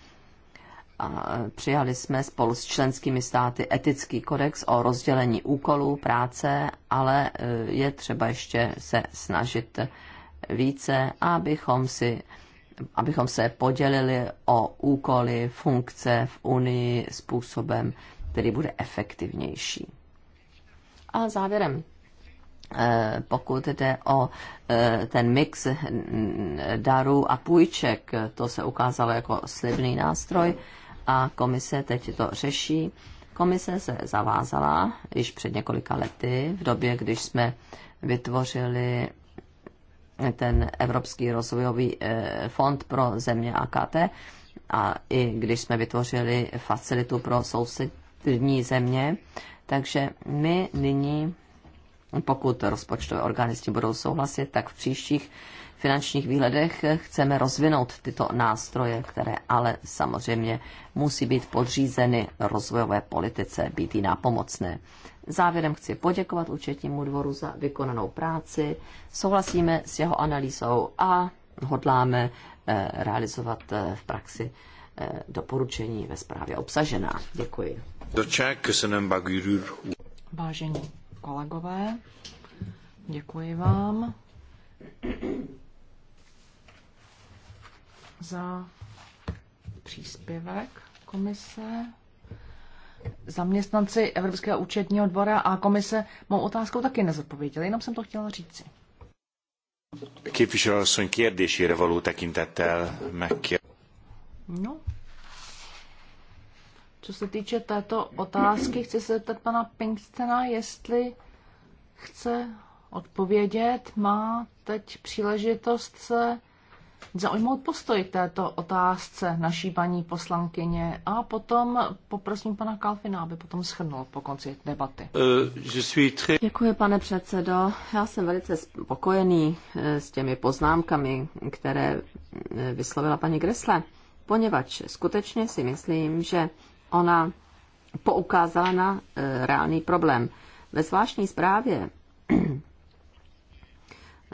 Speaker 1: A přijali jsme spolu s členskými státy etický kodex o rozdělení úkolů práce, ale e, je třeba ještě se snažit více, abychom, si, abychom se podělili o úkoly, funkce v Unii způsobem, který bude efektivnější. A závěrem Eh, pokud jde o eh, ten mix darů a půjček, to se ukázalo jako slibný nástroj a komise teď to řeší. Komise se zavázala již před několika lety, v době, když jsme vytvořili ten Evropský rozvojový eh, fond pro země AKT a i když jsme vytvořili facilitu pro sousední země. Takže my nyní pokud rozpočtové orgány s tím budou souhlasit, tak v příštích finančních výhledech chceme rozvinout tyto nástroje, které ale samozřejmě musí být podřízeny rozvojové politice, být jí nápomocné. Závěrem chci poděkovat účetnímu dvoru za vykonanou práci, souhlasíme s jeho analýzou a hodláme eh, realizovat eh, v praxi eh, doporučení ve zprávě obsažená. Děkuji. Vážení
Speaker 3: kolegové. Děkuji vám za příspěvek komise. Zaměstnanci Evropského účetního dvora a komise mou otázkou taky nezodpověděli, jenom jsem to chtěla říci.
Speaker 1: Képviselőasszony kérdésére való tekintettel megkérdezem.
Speaker 3: No, co se týče této otázky, chci se zeptat pana Pinkstena, jestli chce odpovědět. Má teď příležitost se zaujmout postoj k této otázce naší paní poslankyně a potom poprosím pana Kalfina,
Speaker 1: aby potom schrnul po konci debaty.
Speaker 2: Uh, Děkuji,
Speaker 1: pane předsedo. Já jsem velice spokojený eh, s těmi poznámkami, které eh, vyslovila paní Gresle, poněvadž skutečně si myslím, že ona poukázala na e, reálný problém. Ve zvláštní zprávě [clears throat]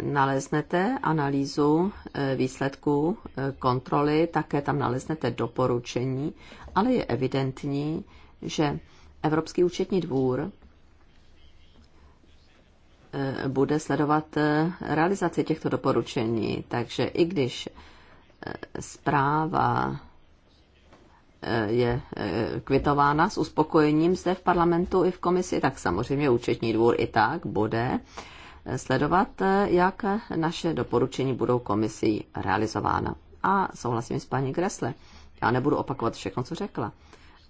Speaker 1: naleznete analýzu e, výsledků e, kontroly, také tam naleznete doporučení, ale je evidentní, že Evropský účetní dvůr bude sledovat realizaci těchto doporučení. Takže i když zpráva je eh, kvitována s uspokojením zde v parlamentu i v komisi, tak samozřejmě účetní dvůr i tak bude eh, sledovat, eh, jak naše doporučení budou komisí realizována. A souhlasím s paní Gresle. Já nebudu opakovat všechno, co řekla.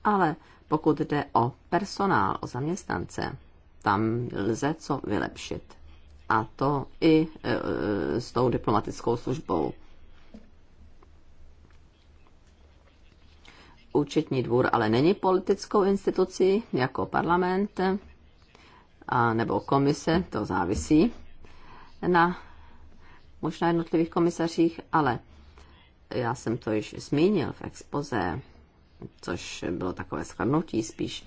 Speaker 1: Ale pokud jde o personál, o zaměstnance, tam lze co vylepšit. A to i s tou diplomatickou službou. účetní dvůr ale není politickou institucí jako parlament a, nebo komise, to závisí na možná jednotlivých komisařích, ale já jsem to již zmínil v expoze, což bylo takové shrnutí spíš.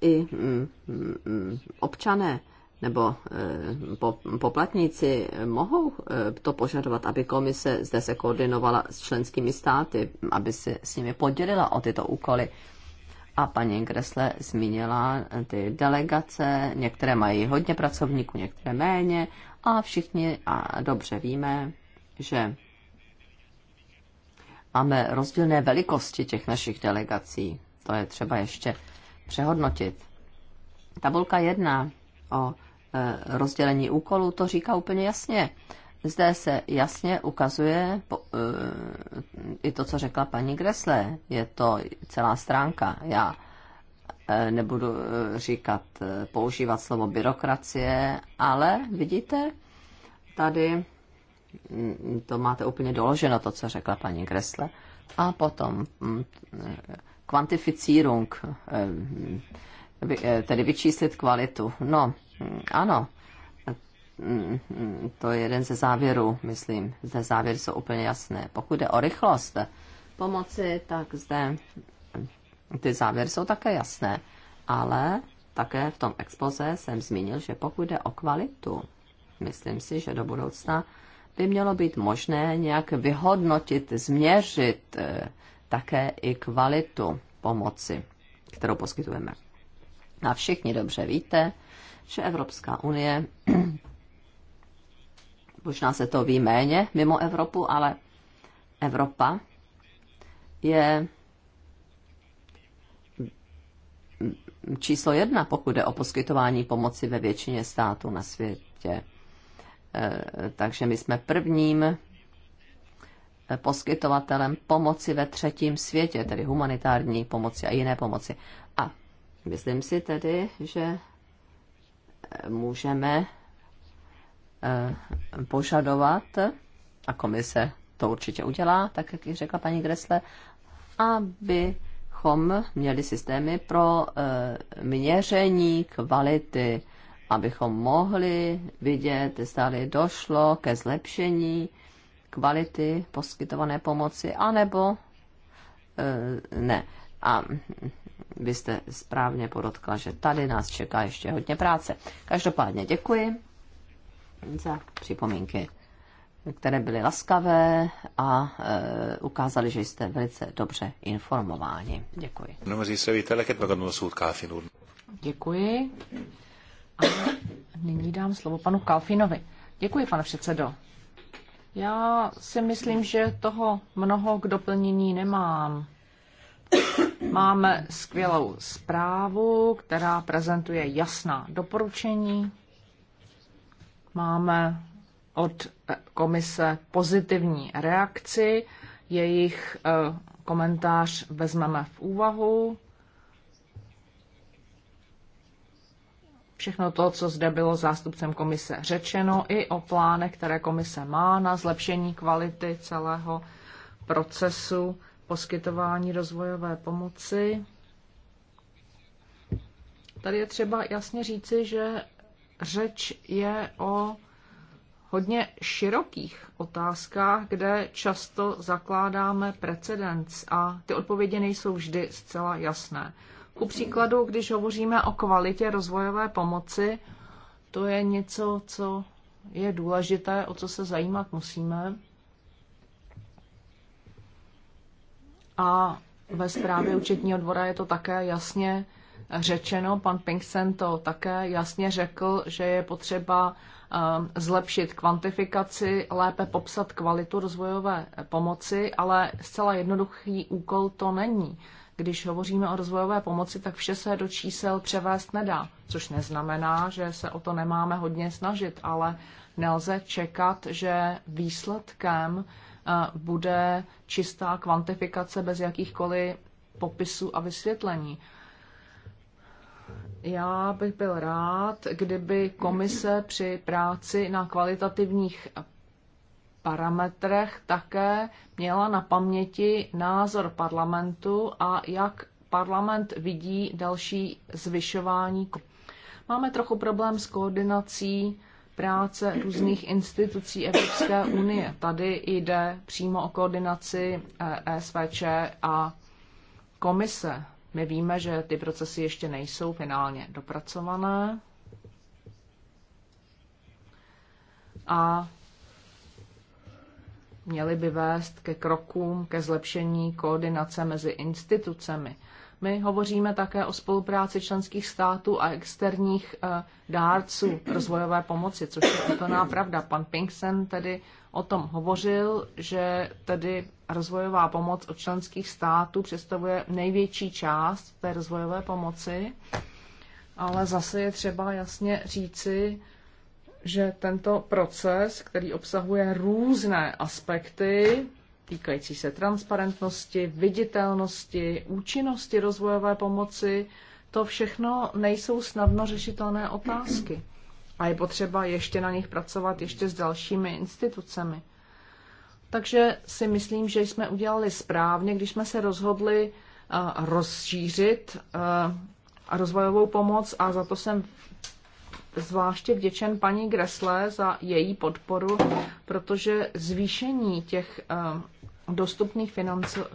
Speaker 1: I mm, mm, mm, občané nebo eh, poplatníci mohou eh, to požadovat, aby komise zde se koordinovala s členskými státy, aby se s nimi podělila o tyto úkoly. A paní Gresle zmínila eh, ty delegace, některé mají hodně pracovníků, některé méně a všichni a dobře víme, že máme rozdílné velikosti těch našich delegací. To je třeba ještě přehodnotit. Tabulka 1 o Eh, rozdělení úkolů, to říká úplně jasně. Zde se jasně ukazuje po, eh, i to, co řekla paní Gresle. Je to celá stránka. Já eh, nebudu říkat, používat slovo byrokracie, ale vidíte, tady hm, to máte úplně doloženo, to, co řekla paní Gresle. A potom hm, kvantificírung, tedy vyčíslit kvalitu. No, ano, to je jeden ze závěrů, myslím. Zde závěry jsou úplně jasné. Pokud jde o rychlost pomoci, tak zde ty závěry jsou také jasné. Ale také v tom expoze jsem zmínil, že pokud jde o kvalitu, myslím si, že do budoucna by mělo být možné nějak vyhodnotit, změřit eh, také i kvalitu pomoci, kterou poskytujeme. A všichni dobře víte, že Evropská unie, [clears throat] možná se to ví méně mimo Evropu, ale Evropa je číslo jedna, pokud jde o poskytování pomoci ve většině států na světě. E, takže my jsme prvním e, poskytovatelem pomoci ve třetím světě, tedy humanitární pomoci a jiné pomoci. A myslím si tedy, že můžeme eh, požadovat, a komise to určitě udělá, tak jak ji řekla paní Gresle, abychom měli systémy pro eh, měření kvality, abychom mohli vidět, zdali došlo ke zlepšení kvality poskytované pomoci, anebo eh, ne. A vy jste správně podotkla, že tady nás čeká ještě hodně práce. Každopádně děkuji za připomínky, které byly laskavé a e, ukázaly, že jste velice dobře informováni. Děkuji. Děkuji. A nyní dám slovo panu Kalfinovi.
Speaker 3: Děkuji, pane předsedo. Já si myslím, že toho mnoho k doplnění nemám. Máme skvělou zprávu, která prezentuje jasná doporučení. Máme od eh, komise pozitivní reakci, jejich eh, komentář vezmeme v úvahu. Všechno to, co zde bylo zástupcem komise řečeno, i o plánech, které komise má na zlepšení kvality celého procesu poskytování rozvojové pomoci. Tady je třeba jasně říci, že řeč je o hodně širokých otázkách, kde často zakládáme precedens a ty odpovědi nejsou vždy zcela jasné. Ku příkladu, když hovoříme o kvalitě rozvojové pomoci, to je něco, co je důležité, o co se zajímat musíme. A ve zprávě účetního dvora je to také jasně řečeno, pan Pinksen to také jasně řekl, že je potřeba ehm, zlepšit kvantifikaci, lépe popsat kvalitu rozvojové pomoci, ale zcela jednoduchý úkol to není. Když hovoříme o rozvojové pomoci, tak vše se do čísel převést nedá, což neznamená, že se o to nemáme hodně snažit, ale nelze čekat, že výsledkem bude čistá kvantifikace bez jakýchkoliv popisů a vysvětlení. Já bych byl rád, kdyby komise při práci na kvalitativních parametrech také měla na paměti názor parlamentu a jak parlament vidí další zvyšování. Máme trochu problém s koordinací práce různých institucí Evropské unie. Tady jde přímo o koordinaci eh, SVČ a komise. My víme, že ty procesy ještě nejsou finálně dopracované. A měly by vést ke krokům, ke zlepšení koordinace mezi institucemi. My hovoříme také o spolupráci členských států a externích eh, dárců rozvojové pomoci, což je úplná pravda. Pan Pinksen tedy o tom hovořil, že tedy rozvojová pomoc od členských států představuje největší část té rozvojové pomoci, ale zase je třeba jasně říci, že tento proces, který obsahuje různé aspekty, týkající se transparentnosti, viditelnosti, účinnosti rozvojové pomoci, to všechno nejsou snadno řešitelné otázky. A je potřeba ještě na nich pracovat ještě s dalšími institucemi. Takže si myslím, že jsme udělali správně, když jsme se rozhodli eh, rozšířit eh, rozvojovou pomoc a za to jsem zvláště vděčen paní Gresle za její podporu, protože zvýšení těch eh, dostupných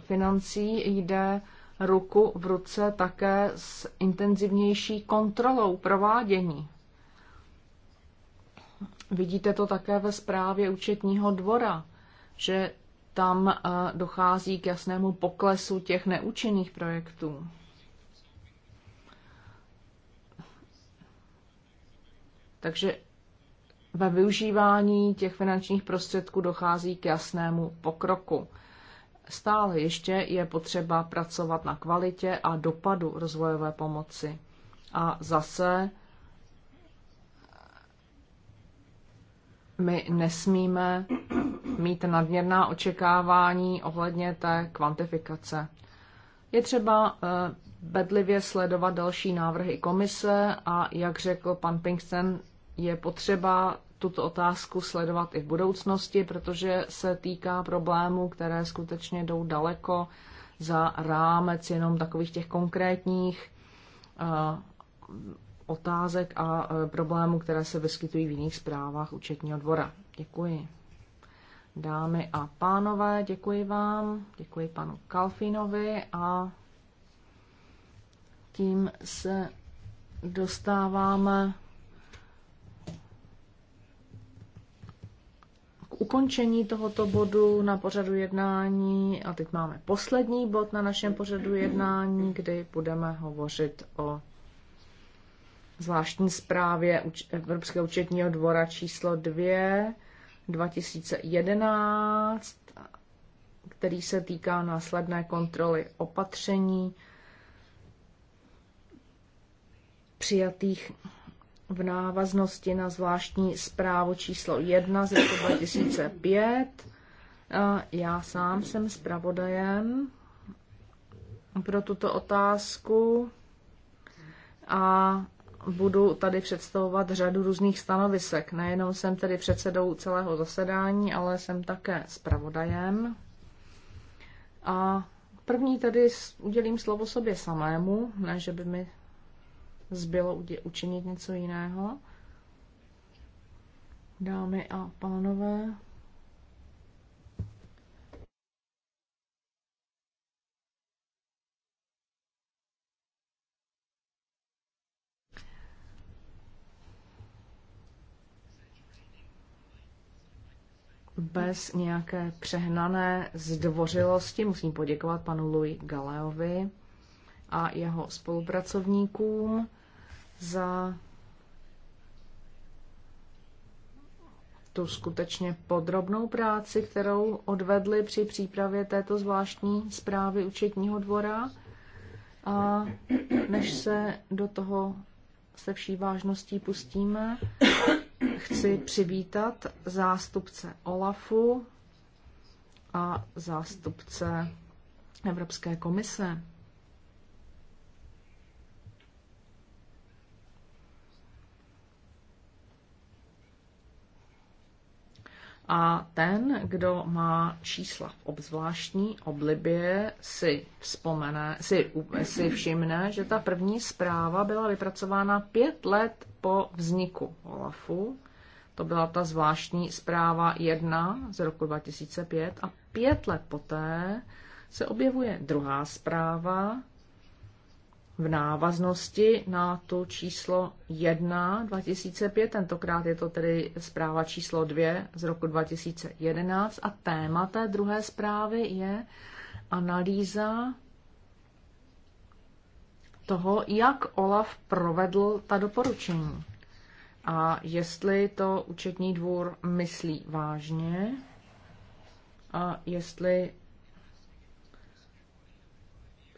Speaker 3: financí jde ruku v ruce také s intenzivnější kontrolou provádění. Vidíte to také ve zprávě účetního dvora, že tam eh, dochází k jasnému poklesu těch neúčinných projektů. Takže ve využívání těch finančních prostředků dochází k jasnému pokroku. Stále ještě je potřeba pracovat na kvalitě a dopadu rozvojové pomoci. A zase my nesmíme mít nadměrná očekávání ohledně té kvantifikace. Je třeba eh, bedlivě sledovat další návrhy komise a jak řekl pan Pinkston, je potřeba tuto otázku sledovat i v budoucnosti, protože se týká problémů, které skutečně jdou daleko za rámec jenom takových těch konkrétních eh, otázek a eh, problémů, které se vyskytují v jiných zprávách účetního dvora. Děkuji. Dámy a pánové, děkuji vám, děkuji panu Kalfinovi a tím se dostáváme ukončení tohoto bodu na pořadu jednání a teď máme poslední bod na našem pořadu jednání, kdy budeme hovořit o zvláštní zprávě Evropského účetního dvora číslo 2 2011, který se týká následné kontroly opatření přijatých v návaznosti na zvláštní zprávu číslo 1 z roku 2005. Já sám jsem zpravodajem pro tuto otázku a budu tady představovat řadu různých stanovisek. Nejenom jsem tedy předsedou celého zasedání, ale jsem také zpravodajem. A první tedy udělím slovo sobě samému, ne že by mi zbylo učinit něco jiného. Dámy a pánové, bez nějaké přehnané zdvořilosti musím poděkovat panu Louis Galeovi a jeho spolupracovníkům za tu skutečně podrobnou práci, kterou odvedli při přípravě této zvláštní zprávy účetního dvora. A než se do toho se vší vážností pustíme, chci přivítat zástupce OLAFu a zástupce Evropské komise. A ten, kdo má čísla v obzvláštní oblibě, si vzpomene, si, si všimne, že ta první zpráva byla vypracována pět let po vzniku OLAFu. To byla ta zvláštní zpráva 1 z roku 2005 a pět let poté se objevuje druhá zpráva, v návaznosti na to číslo 1 2005, tentokrát je to tedy zpráva číslo 2 z roku 2011 a téma té druhé zprávy je analýza toho, jak Olaf provedl ta doporučení a jestli to účetní dvůr myslí vážně a jestli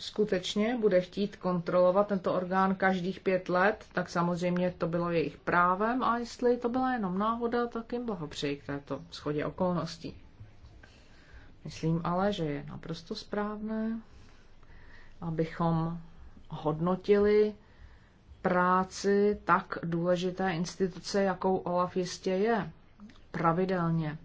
Speaker 3: skutečně bude chtít kontrolovat tento orgán každých pět let, tak samozřejmě to bylo jejich právem a jestli to byla jenom náhoda, tak jim blahopřeji k této schodě okolností. Myslím ale, že je naprosto správné, abychom hodnotili práci tak důležité instituce, jakou OLAF jistě je, pravidelně.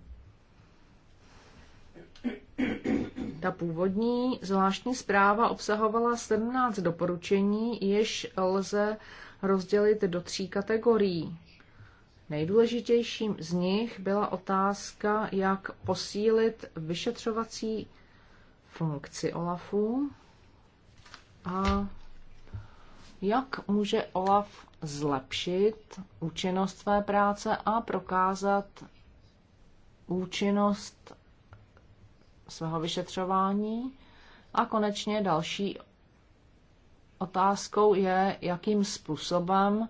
Speaker 3: Ta původní zvláštní zpráva obsahovala 17 doporučení, jež lze rozdělit do tří kategorií. Nejdůležitějším z nich byla otázka, jak posílit vyšetřovací funkci OLAFu a jak může OLAF zlepšit účinnost své práce a prokázat účinnost svého vyšetřování. A konečně další otázkou je, jakým způsobem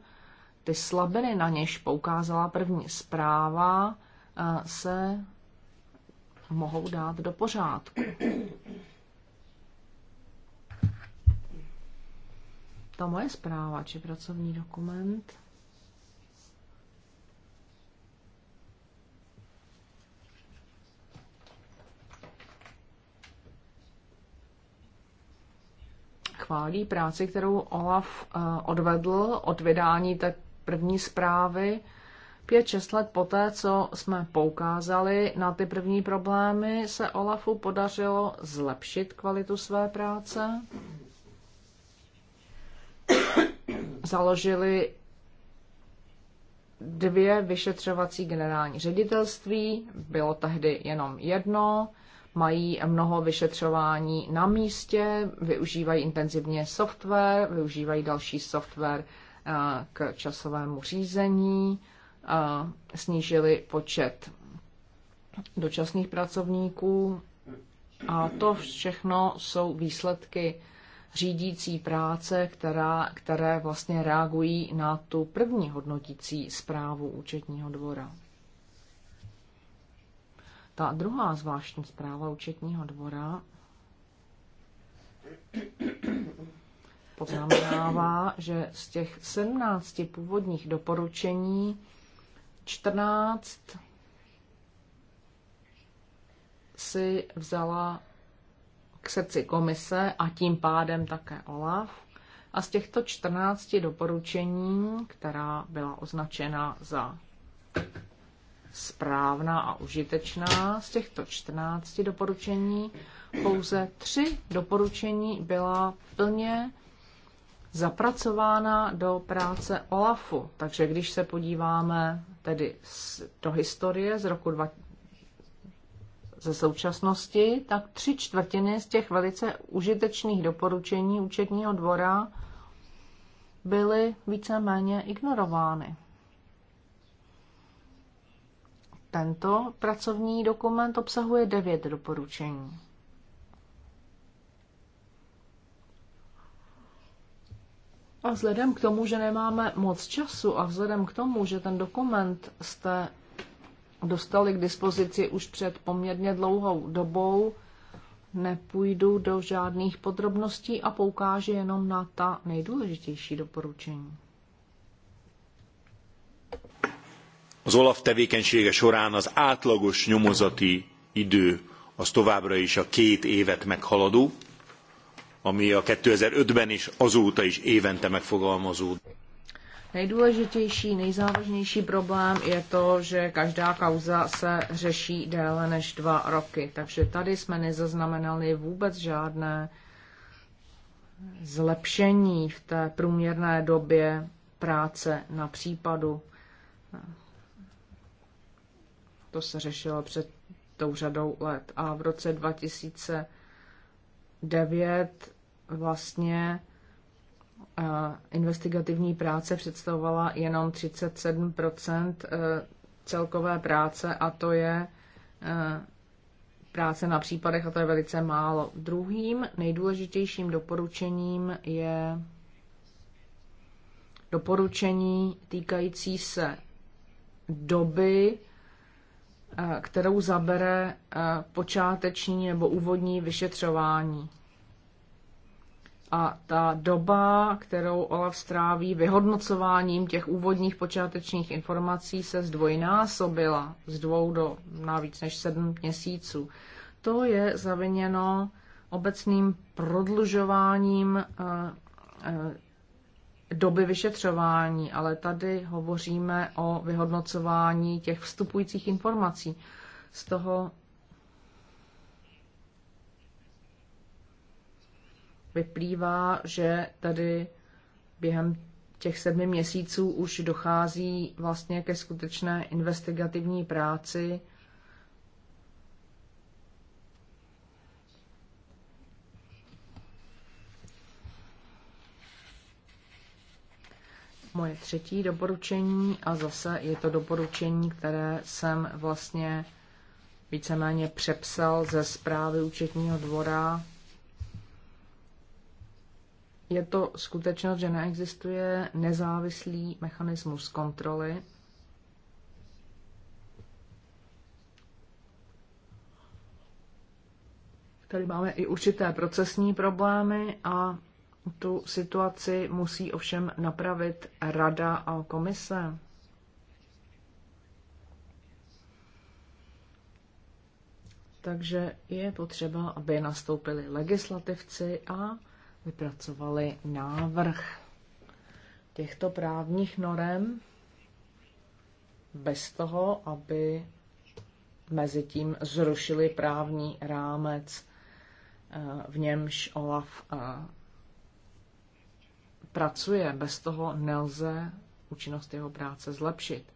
Speaker 3: ty slabiny, na něž poukázala první zpráva, eh, se mohou dát do pořádku. Ta moje zpráva či pracovní dokument chválí práci, kterou Olaf eh, odvedl od vydání té první zprávy. Pět, šest let poté, co jsme poukázali na ty první problémy, se Olafu podařilo zlepšit kvalitu své práce. Založili dvě vyšetřovací generální ředitelství, bylo tehdy jenom jedno, mají mnoho vyšetřování na místě, využívají intenzivně software, využívají další software eh, k časovému řízení, eh, snížili počet dočasných pracovníků a to všechno jsou výsledky řídící práce, která, které vlastně reagují na tu první hodnotící zprávu účetního dvora. Ta druhá zvláštní zpráva účetního dvora poznamenává, že z těch 17 původních doporučení 14 si vzala k srdci komise a tím pádem také OLAF. A z těchto 14 doporučení, která byla označena za správná a užitečná. Z těchto 14 doporučení pouze tři doporučení byla plně zapracována do práce OLAFu. Takže když se podíváme tedy do historie z roku 2000, ze současnosti, tak tři čtvrtiny z těch velice užitečných doporučení účetního dvora byly víceméně ignorovány. Tento pracovní dokument obsahuje devět doporučení. A vzhledem k tomu, že nemáme moc času a vzhledem k tomu, že ten dokument jste dostali k dispozici už před poměrně dlouhou dobou, nepůjdu do žádných podrobností a poukážu jenom na ta nejdůležitější doporučení.
Speaker 2: Az OLAF tevékenysége
Speaker 1: során az átlagos nyomozati idő az továbbra is a két évet meghaladó, ami a 2005-ben és azóta is évente megfogalmazódó.
Speaker 3: Nejdůležitější, nejzávažnější problém je to, že každá kauza se řeší déle než dva roky. Takže tady jsme nezaznamenali vůbec žádné zlepšení v té průměrné době práce na případu. To se řešilo před tou řadou let. A v roce 2009 vlastně eh, investigativní práce představovala jenom 37 eh, celkové práce a to je eh, práce na případech a to je velice málo. Druhým nejdůležitějším doporučením je doporučení týkající se doby kterou zabere počáteční nebo úvodní vyšetřování. A ta doba, kterou Olaf stráví vyhodnocováním těch úvodních počátečních informací, se zdvojnásobila z dvou do navíc než sedm měsíců. To je zaviněno obecným prodlužováním doby vyšetřování, ale tady hovoříme o vyhodnocování těch vstupujících informací. Z toho vyplývá, že tady během těch sedmi měsíců už dochází vlastně ke skutečné investigativní práci moje třetí doporučení a zase je to doporučení, které jsem vlastně víceméně přepsal ze zprávy účetního dvora. Je to skutečnost, že neexistuje nezávislý mechanismus kontroly. Tady máme i určité procesní problémy a tu situaci musí ovšem napravit Rada a komise. Takže je potřeba, aby nastoupili legislativci a vypracovali návrh těchto právních norem bez toho, aby mezi tím zrušili právní rámec, eh, v němž Olaf eh, pracuje. Bez toho nelze účinnost jeho práce zlepšit.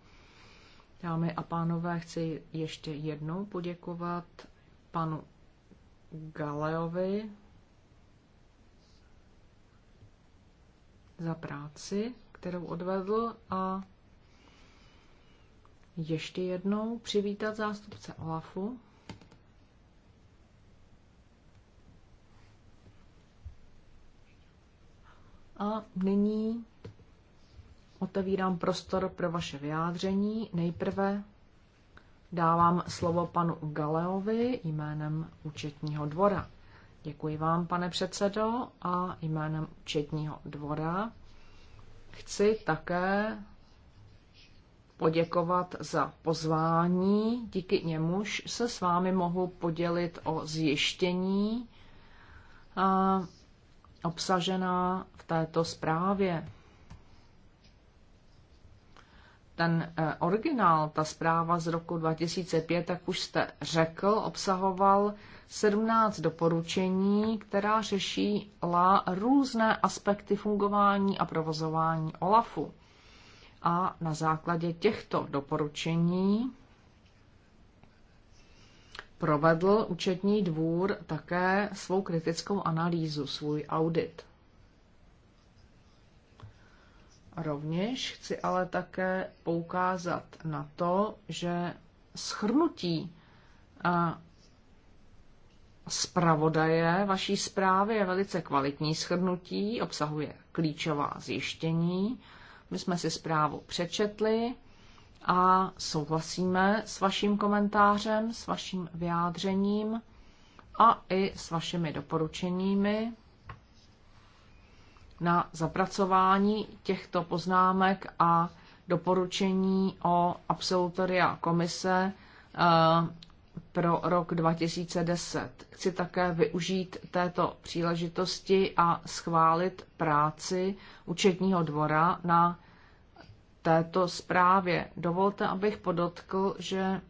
Speaker 3: Dámy a pánové, chci ještě jednou poděkovat panu Galeovi za práci, kterou odvedl a ještě jednou přivítat zástupce Olafu. A nyní otevírám prostor pro vaše vyjádření. Nejprve dávám slovo panu Galeovi jménem účetního dvora. Děkuji vám, pane předsedo, a jménem účetního dvora chci také poděkovat za pozvání, díky němuž se s vámi mohu podělit o zjištění obsažená v této zprávě. Ten eh, originál, ta zpráva z roku 2005, jak už jste řekl, obsahoval 17 doporučení, která la různé aspekty fungování a provozování OLAFu. A na základě těchto doporučení provedl účetní dvůr také svou kritickou analýzu, svůj audit. Rovněž chci ale také poukázat na to, že schrnutí a zpravodaje vaší zprávy je velice kvalitní schrnutí, obsahuje klíčová zjištění. My jsme si zprávu přečetli, a souhlasíme s vaším komentářem, s vaším vyjádřením a i s vašimi doporučeními na zapracování těchto poznámek a doporučení o absolutoria komise eh, pro rok 2010. Chci také využít této příležitosti a schválit práci účetního dvora na této zprávě. Dovolte, abych podotkl, že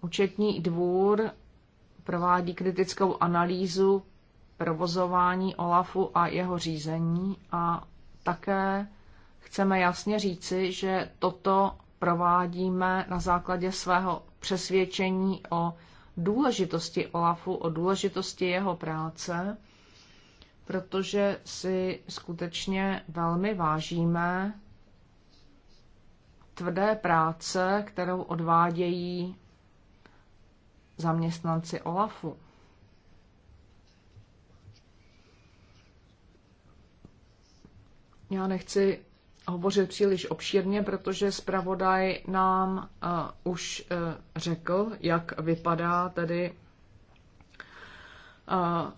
Speaker 3: účetní dvůr provádí kritickou analýzu provozování OLAFu a jeho řízení a také chceme jasně říci, že toto provádíme na základě svého přesvědčení o důležitosti OLAFu, o důležitosti jeho práce protože si skutečně velmi vážíme tvrdé práce, kterou odvádějí zaměstnanci OLAFu. Já nechci hovořit příliš obšírně, protože zpravodaj nám uh, už uh, řekl, jak vypadá tedy uh,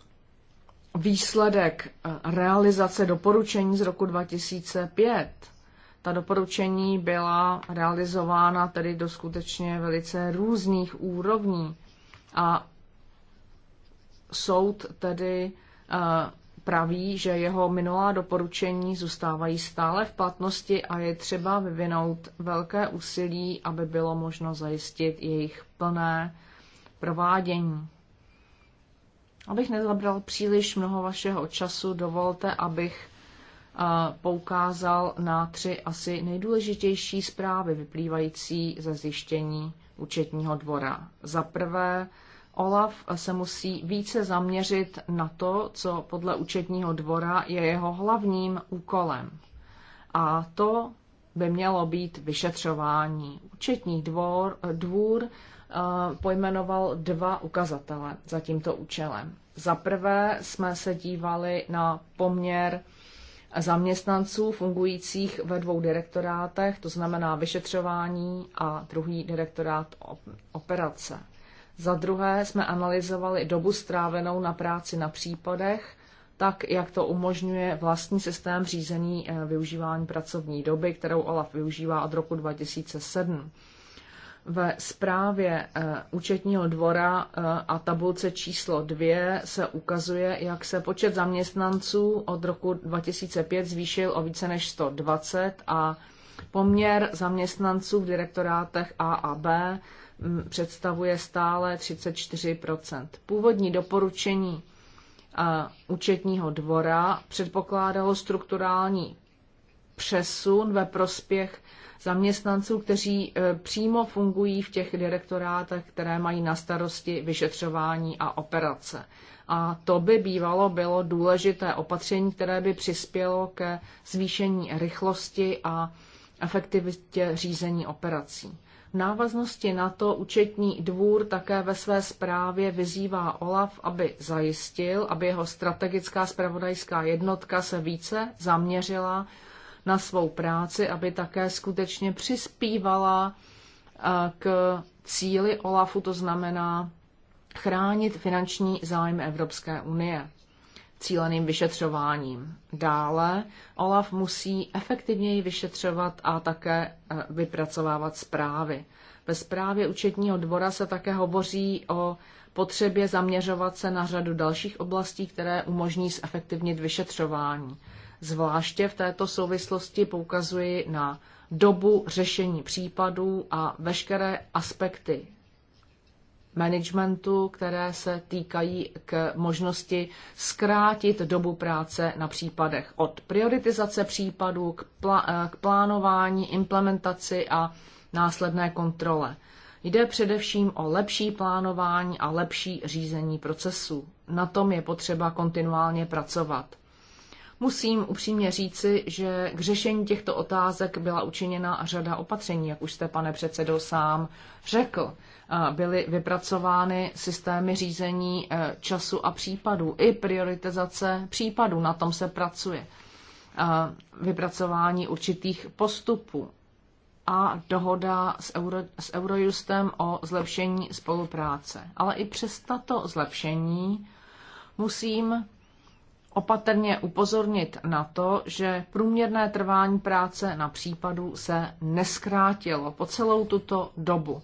Speaker 3: výsledek eh, realizace doporučení z roku 2005. Ta doporučení byla realizována tedy do skutečně velice různých úrovní a soud tedy eh, praví, že jeho minulá doporučení zůstávají stále v platnosti a je třeba vyvinout velké úsilí, aby bylo možno zajistit jejich plné provádění. Abych nezabral příliš mnoho vašeho času, dovolte, abych eh, poukázal na tři asi nejdůležitější zprávy vyplývající ze zjištění účetního dvora. Za prvé, Olaf se musí více zaměřit na to, co podle účetního dvora je jeho hlavním úkolem. A to by mělo být vyšetřování. Účetní dvor, dvůr pojmenoval dva ukazatele za tímto účelem. Za prvé jsme se dívali na poměr zaměstnanců fungujících ve dvou direktorátech, to znamená vyšetřování a druhý direktorát operace. Za druhé jsme analyzovali dobu strávenou na práci na případech, tak jak to umožňuje vlastní systém řízení e, využívání pracovní doby, kterou OLAF využívá od roku 2007. Ve zprávě eh, účetního dvora eh, a tabulce číslo 2 se ukazuje, jak se počet zaměstnanců od roku 2005 zvýšil o více než 120 a poměr zaměstnanců v direktorátech A a B mm, představuje stále 34 Původní doporučení eh, účetního dvora předpokládalo strukturální přesun ve prospěch zaměstnanců, kteří e, přímo fungují v těch direktorátech, které mají na starosti vyšetřování a operace. A to by bývalo bylo důležité opatření, které by přispělo ke zvýšení rychlosti a efektivitě řízení operací. V návaznosti na to účetní dvůr také ve své zprávě vyzývá OLAF, aby zajistil, aby jeho strategická spravodajská jednotka se více zaměřila na svou práci, aby také skutečně přispívala eh, k cíli OLAFu, to znamená chránit finanční zájmy Evropské unie cíleným vyšetřováním. Dále OLAF musí efektivněji vyšetřovat a také eh, vypracovávat zprávy. Ve zprávě účetního dvora se také hovoří o potřebě zaměřovat se na řadu dalších oblastí, které umožní zefektivnit vyšetřování. Zvláště v této souvislosti poukazuji na dobu řešení případů a veškeré aspekty managementu, které se týkají k možnosti zkrátit dobu práce na případech od prioritizace případů k, plá- eh, k plánování, implementaci a následné kontrole. Jde především o lepší plánování a lepší řízení procesu. Na tom je potřeba kontinuálně pracovat. Musím upřímně říci, že k řešení těchto otázek byla učiněna řada opatření, jak už jste, pane předsedo, sám řekl. Byly vypracovány systémy řízení e, času a případů i prioritizace případů, na tom se pracuje. E, vypracování určitých postupů a dohoda s, Euro, s Eurojustem o zlepšení spolupráce. Ale i přes tato zlepšení musím opatrně upozornit na to, že průměrné trvání práce na případu se neskrátilo po celou tuto dobu.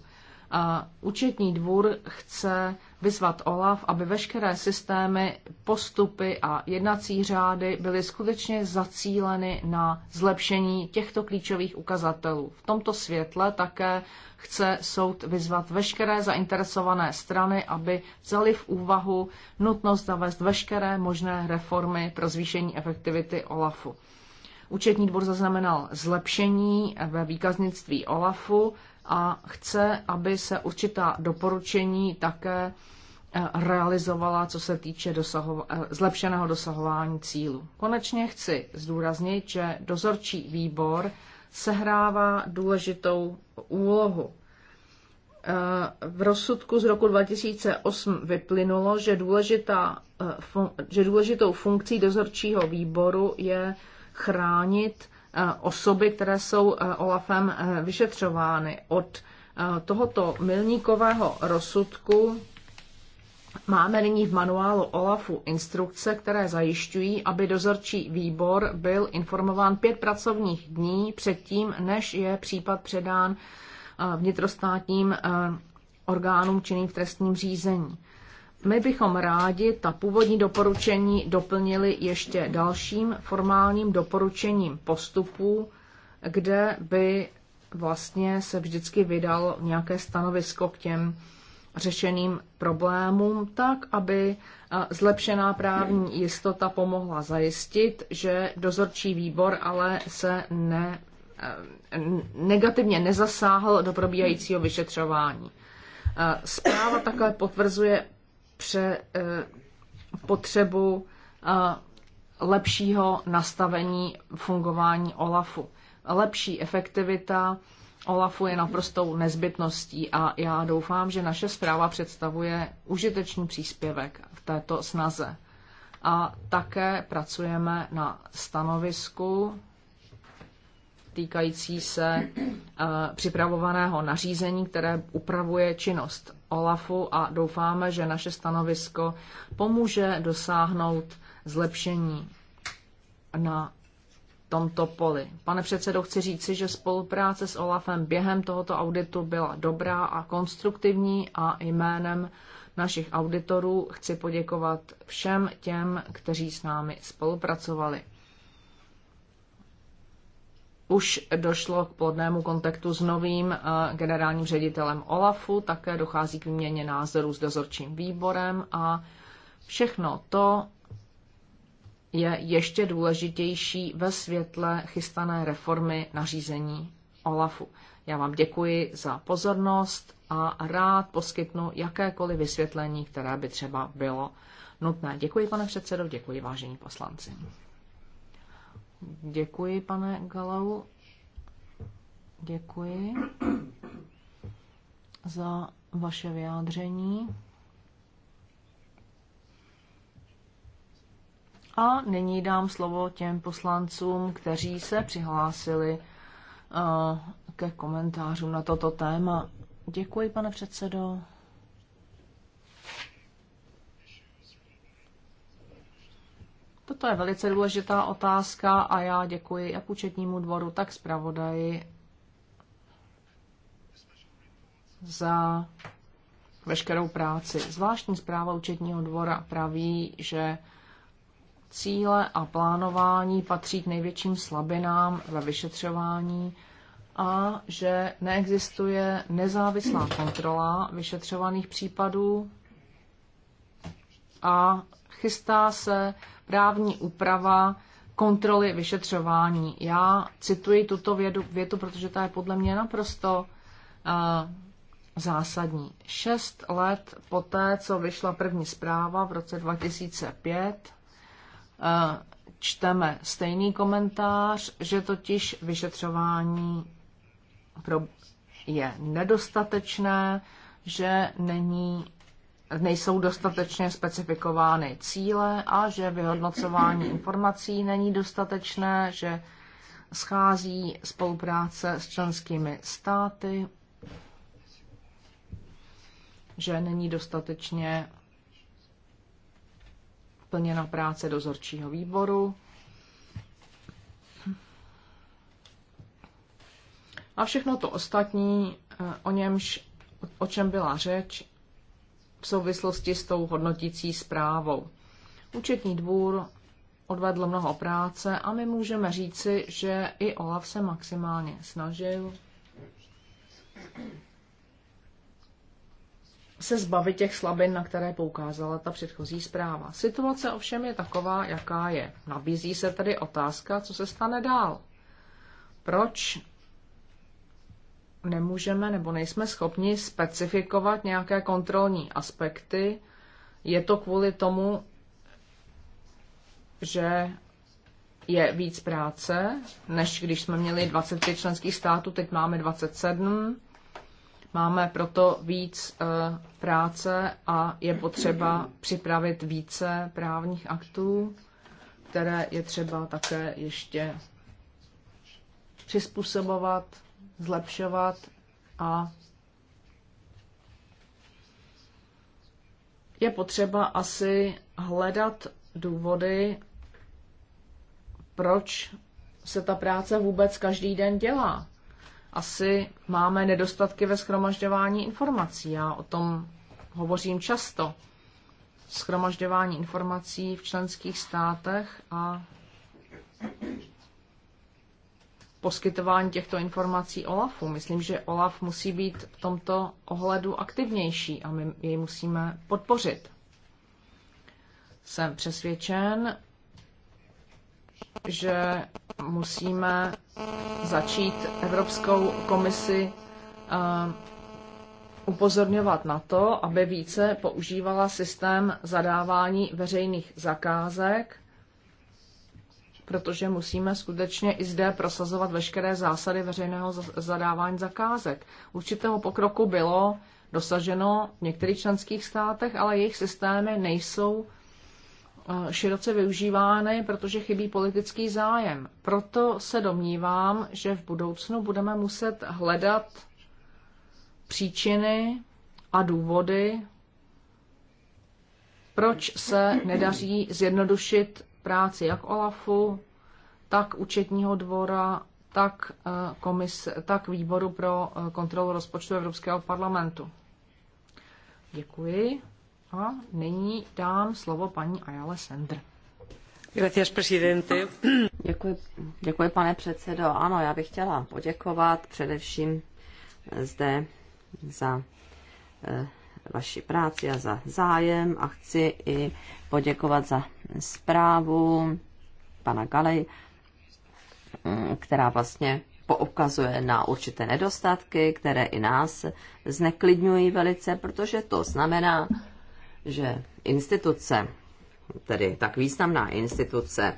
Speaker 3: A účetní dvůr chce vyzvat OLAF, aby veškeré systémy, postupy a jednací řády byly skutečně zacíleny na zlepšení těchto klíčových ukazatelů. V tomto světle také chce soud vyzvat veškeré zainteresované strany, aby vzali v úvahu nutnost zavést veškeré možné reformy pro zvýšení efektivity OLAFu. Účetní dvor zaznamenal zlepšení ve výkaznictví OLAFu a chce, aby se určitá doporučení také eh, realizovala, co se týče dosahova- eh, zlepšeného dosahování cílu. Konečně chci zdůraznit, že dozorčí výbor sehrává důležitou úlohu. Eh, v rozsudku z roku 2008 vyplynulo, že, důležitá, že důležitou funkcí dozorčího výboru je chránit Eh, osoby, které jsou eh, Olafem eh, vyšetřovány. Od tohoto milníkového rozsudku Máme nyní v manuálu OLAFu instrukce, které zajišťují, aby dozorčí výbor byl informován pět pracovních dní předtím, než je případ předán vnitrostátním orgánům činným v trestním řízení. My bychom rádi ta původní doporučení doplnili ještě dalším formálním doporučením postupu, kde by vlastně se vždycky vydal nějaké stanovisko k těm řešeným problémům, tak aby eh, zlepšená právní jistota pomohla zajistit, že dozorčí výbor ale se ne, eh, negativně nezasáhl do probíhajícího vyšetřování. Eh, zpráva také potvrzuje pře, eh, potřebu eh, lepšího nastavení fungování OLAFu. Lepší efektivita OLAFu je naprostou nezbytností a já doufám, že naše zpráva představuje užitečný příspěvek v této snaze. A také pracujeme na stanovisku týkající se eh, připravovaného nařízení, které upravuje činnost OLAFu a doufáme, že naše stanovisko pomůže dosáhnout zlepšení na tomto poli. Pane předsedo, chci říci, že spolupráce s OLAFem během tohoto auditu byla dobrá a konstruktivní a jménem našich auditorů chci poděkovat všem těm, kteří s námi spolupracovali už došlo k plodnému kontaktu s novým eh, generálním ředitelem OLAFu, také dochází k výměně názorů s dozorčím výborem a všechno to je ještě důležitější ve světle chystané reformy nařízení OLAFu. Já vám děkuji za pozornost a rád poskytnu jakékoliv vysvětlení, které by třeba bylo nutné. Děkuji, pane předsedo, děkuji, vážení poslanci. Děkuji, pane Galau. Děkuji za vaše vyjádření. A nyní dám slovo těm poslancům, kteří se přihlásili eh, ke komentářům na toto téma. Děkuji, pane předsedo. Toto je velice důležitá otázka a já děkuji jak účetnímu dvoru, tak zpravodaji za veškerou práci. Zvláštní zpráva účetního dvora praví, že cíle a plánování patří k největším slabinám ve vyšetřování a že neexistuje nezávislá kontrola vyšetřovaných případů a chystá se právní úprava kontroly vyšetřování. Já cituji tuto vědu, větu, protože ta je podle mě naprosto uh, zásadní. Šest let poté, co vyšla první zpráva v roce 2005, uh, eh, čteme stejný komentář, že totiž vyšetřování pro, je nedostatečné, že není nejsou dostatečně specifikovány cíle a že vyhodnocování informací není dostatečné, že schází spolupráce s členskými státy, že není dostatečně plněna práce dozorčího výboru. A všechno to ostatní, eh, o němž, o čem byla řeč, v souvislosti s tou hodnotící zprávou. Účetní dvůr odvedl mnoho práce a my můžeme říci, že i Olaf se maximálně snažil se zbavit těch slabin, na které poukázala ta předchozí zpráva. Situace ovšem je taková, jaká je. Nabízí se tedy otázka, co se stane dál. Proč nemůžeme nebo nejsme schopni specifikovat nějaké kontrolní aspekty. Je to kvůli tomu, že je víc práce, než když jsme měli 25 členských států, teď máme 27. Máme proto víc eh, práce a je potřeba připravit více právních aktů, které je třeba také ještě přizpůsobovat zlepšovat a je potřeba asi hledat důvody, proč se ta práce vůbec každý den dělá. Asi máme nedostatky ve schromažďování informací. Já o tom hovořím často. Schromažďování informací v členských státech a poskytování těchto informací OLAFu. Myslím, že OLAF musí být v tomto ohledu aktivnější a my jej musíme podpořit. Jsem přesvědčen, že musíme začít Evropskou komisi eh, upozorňovat na to, aby více používala systém zadávání veřejných zakázek protože musíme skutečně i zde prosazovat veškeré zásady veřejného zadávání zakázek. Určitého pokroku bylo dosaženo v některých členských státech, ale jejich systémy nejsou eh, široce využívány, protože chybí politický zájem. Proto se domnívám, že v budoucnu budeme muset hledat příčiny a důvody, proč se nedaří zjednodušit práci jak OLAFu, tak účetního dvora, tak, eh, komise, tak výboru pro eh, kontrolu rozpočtu Evropského parlamentu. Děkuji. A
Speaker 1: nyní dám slovo paní Ayale Sender. Děkuji, děkuji, pane předsedo. Ano, já bych chtěla poděkovat především zde za eh, vaši práci a za zájem a chci i poděkovat za zprávu pana Galej, která vlastně poukazuje na určité nedostatky, které i nás zneklidňují velice, protože to znamená, že instituce, tedy tak významná instituce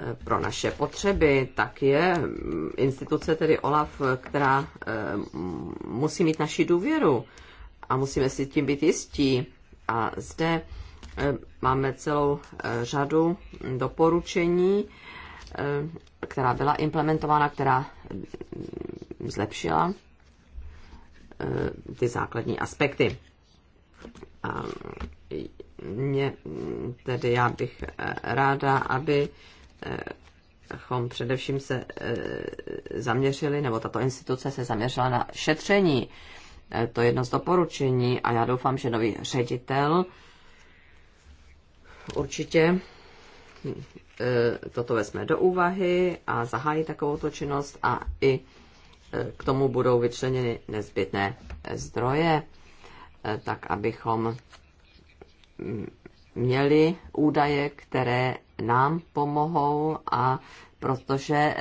Speaker 1: eh, pro naše potřeby, tak je mm, instituce, tedy OLAF, která eh, musí mít naši důvěru a musíme si tím být jistí. A zde Eh, máme celou eh, řadu doporučení, eh, která byla implementována, která mm, zlepšila ty základní aspekty. A mě, mm, tedy já bych ráda, aby Chom především se zaměřili, nebo tato instituce se zaměřila na šetření. To je jedno z doporučení a já doufám, že nový ředitel určitě e, toto vezme do úvahy a zahájí takovouto činnost a i e, k tomu budou vyčleněny nezbytné zdroje, e, tak abychom měli údaje, které nám pomohou a protože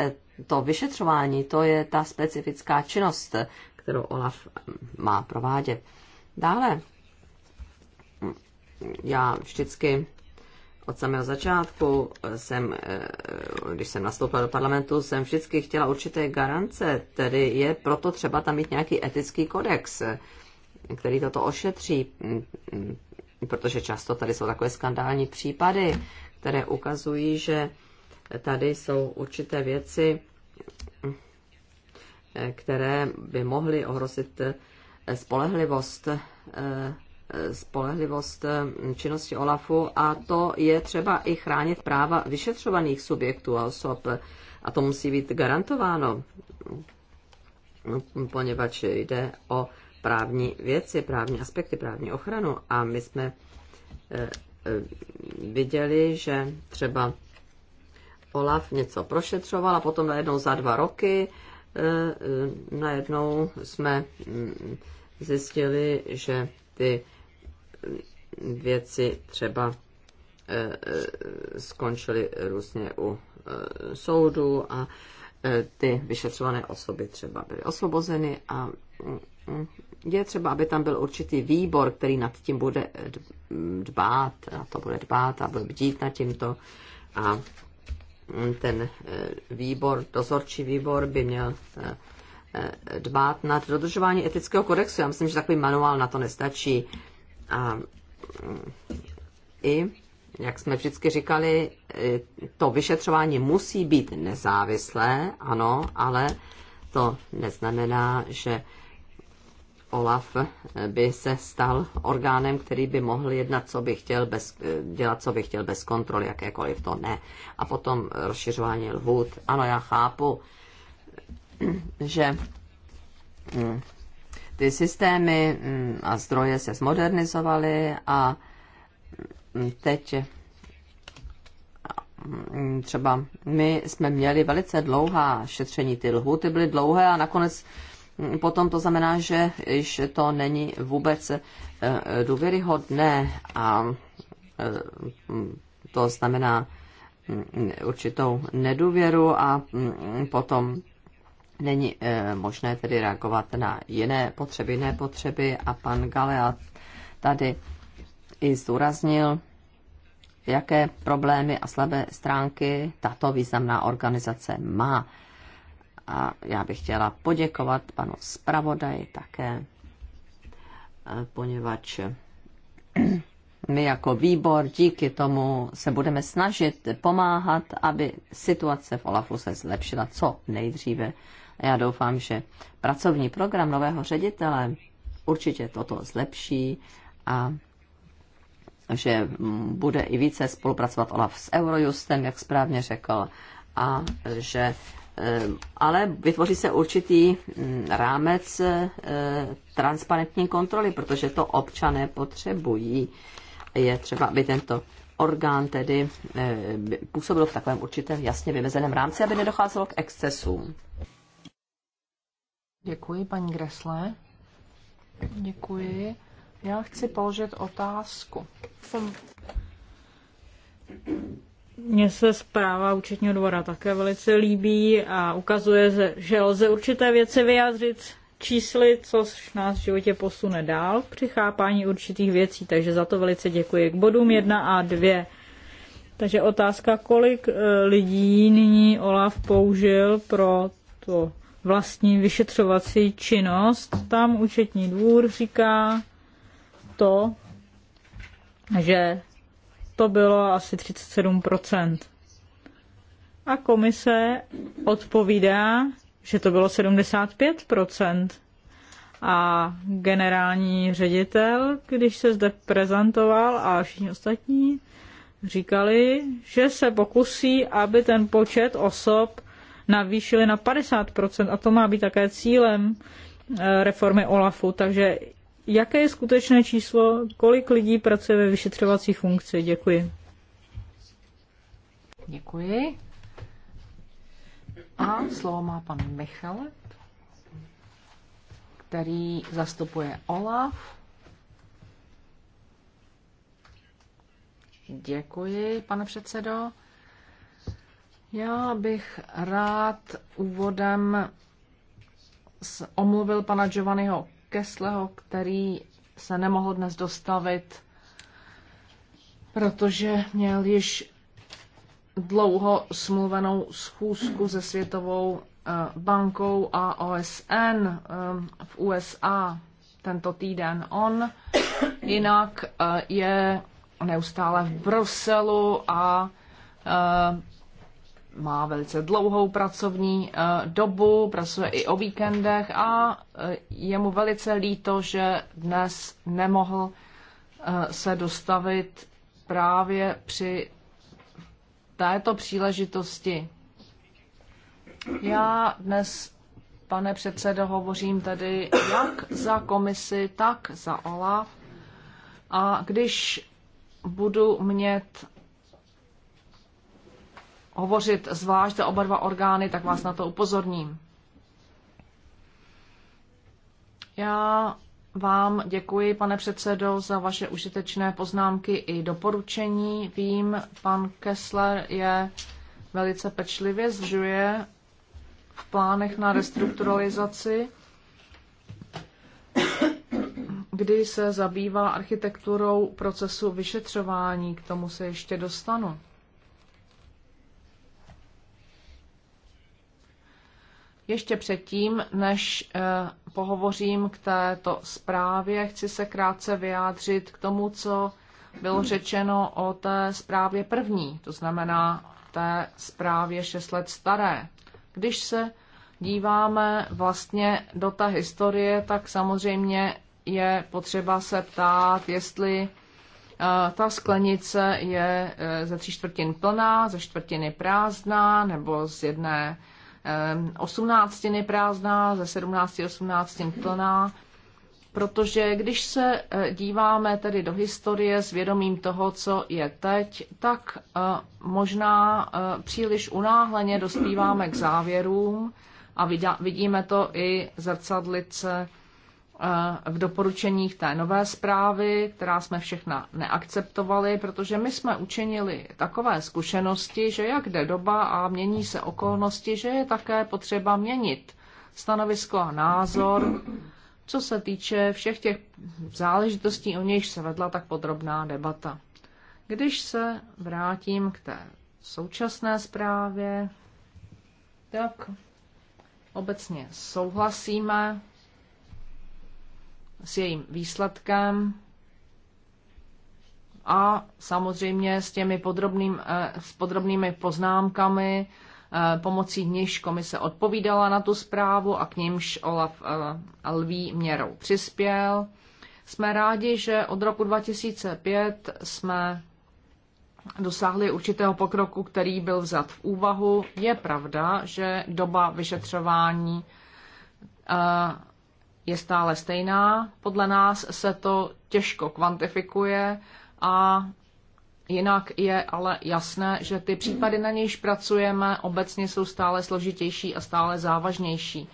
Speaker 1: to vyšetřování, to je ta specifická činnost, kterou OLAF má provádět. Dále, já vždycky od samého začátku eh, jsem, eh, když jsem nastoupila do parlamentu, jsem vždycky chtěla určité garance, tedy je proto třeba tam mít nějaký etický kodex, který toto ošetří, mm, protože často tady jsou takové skandální případy, které ukazují, že tady jsou určité věci, eh, které by mohly ohrozit spolehlivost spolehlivost eh, činnosti OLAFu a to je třeba i chránit práva vyšetřovaných subjektů a osob a to musí být garantováno, poněvadž jde o právní věci, právní aspekty, právní ochranu a my jsme eh, eh, viděli, že třeba Olaf něco prošetřoval a potom najednou za dva roky najednou jsme mm, zjistili, že ty věci třeba eh, eh, skončily různě u eh, soudu a ty vyšetřované osoby třeba byly osvobozeny a mm, mm, je třeba, aby tam byl určitý výbor, který nad tím bude dbát, na to bude dbát a bude bdít nad tímto a mm, ten výbor, dozorčí výbor by měl dbát nad dodržování etického kodexu. Já myslím, že takový manuál na to nestačí. A i, jak jsme vždycky říkali, to vyšetřování musí být nezávislé, ano, ale to neznamená, že Olaf by se stal orgánem, který by mohl jednat, co by chtěl, bez, dělat, co by chtěl, bez kontroly, jakékoliv to ne. A potom rozšiřování lhůt. Ano, já chápu, že ty systémy mm, a zdroje se zmodernizovaly a mm, teď mm, třeba my jsme měli velice dlouhá šetření, ty lhuty byly dlouhé a nakonec potom to znamená, že již to není vůbec e, důvěryhodné a e, to znamená určitou nedůvěru a potom není eh, možné tedy reagovat na jiné potřeby, jiné potřeby a pan Galea tady i zdůraznil, jaké problémy a slabé stránky tato významná organizace má. A já bych chtěla poděkovat panu zpravodaji také, eh, poněvadž my jako výbor díky tomu se budeme snažit pomáhat, aby situace v Olafu se zlepšila co nejdříve já doufám, že pracovní program nového ředitele určitě toto zlepší a že bude i více spolupracovat Olaf s Eurojustem, jak správně řekl, a že eh, ale vytvoří se určitý mm, rámec eh, transparentní kontroly, protože to občané potřebují. Je třeba, aby tento orgán tedy eh, působil v takovém určitém jasně vymezeném rámci, aby nedocházelo k excesům.
Speaker 3: Děkuji, paní Gresle. Děkuji. Já chci položit otázku.
Speaker 2: Mně se zpráva účetního dvora také velice líbí a ukazuje, že lze určité věci vyjádřit čísly, co nás v životě posune dál při chápání určitých věcí, takže za to velice děkuji. K bodům 1 a 2. Takže otázka, kolik e, lidí nyní Olaf použil pro to vlastní vyšetřovací činnost, tam účetní dvůr říká to, že to bylo asi 37%. A komise odpovídá, že to bylo 75%. A generální ředitel, když se zde prezentoval a všichni ostatní, říkali, že se pokusí, aby ten počet osob navýšili na 50% a to má být také cílem eh, reformy OLAFu. Takže jaké je skutečné číslo, kolik lidí pracuje ve vyšetřovací funkci? Děkuji. Děkuji. A slovo má pan Michal,
Speaker 3: který zastupuje OLAF. Děkuji, pane předsedo. Já bych rád úvodem omluvil pana Giovanniho Kesleho, který se nemohl dnes dostavit, protože měl již dlouho smluvenou schůzku se Světovou eh, bankou a OSN eh, v USA tento týden. On jinak eh, je neustále v Bruselu a má velice dlouhou pracovní eh, dobu, pracuje i o víkendech a eh, je mu velice líto, že dnes nemohl eh, se dostavit právě při této příležitosti. Já dnes, pane předsedo, hovořím tedy jak za komisi, tak za OLAF. A když budu mět hovořit zvlášť za oba dva orgány, tak vás na to upozorním. Já vám děkuji, pane předsedo, za vaše užitečné poznámky i doporučení. Vím, pan Kessler je velice pečlivě zžuje v plánech na restrukturalizaci, kdy se zabývá architekturou procesu vyšetřování. K tomu se ještě dostanu. Ještě předtím, než eh, pohovořím k této zprávě, chci se krátce vyjádřit k tomu, co bylo řečeno o té zprávě první, to znamená té zprávě 6 let staré. Když se díváme vlastně do té historie, tak samozřejmě je potřeba se ptát, jestli eh, ta sklenice je eh, ze tří čtvrtin plná, ze čtvrtiny prázdná nebo z jedné je prázdná, ze 17 18 plná, protože když se eh, díváme tedy do historie s vědomím toho, co je teď, tak eh, možná eh, příliš unáhleně dospíváme k závěrům a vidíme to i zrcadlice v doporučeních té nové zprávy, která jsme všechna neakceptovali, protože my jsme učinili takové zkušenosti, že jak jde doba a mění se okolnosti, že je také potřeba měnit stanovisko a názor, co se týče všech těch záležitostí, o nichž se vedla tak podrobná debata. Když se vrátím k té současné zprávě, tak obecně souhlasíme s jejím výsledkem a samozřejmě s těmi podrobným, eh, s podrobnými poznámkami, eh, pomocí níž komise odpovídala na tu zprávu a k nímž Olaf eh, Lví měrou přispěl. Jsme rádi, že od roku 2005 jsme dosáhli určitého pokroku, který byl vzat v úvahu. Je pravda, že doba vyšetřování je stále stejná. Podle nás se to těžko kvantifikuje a jinak je ale jasné, že ty případy, na nějž pracujeme, obecně jsou stále složitější a stále závažnější.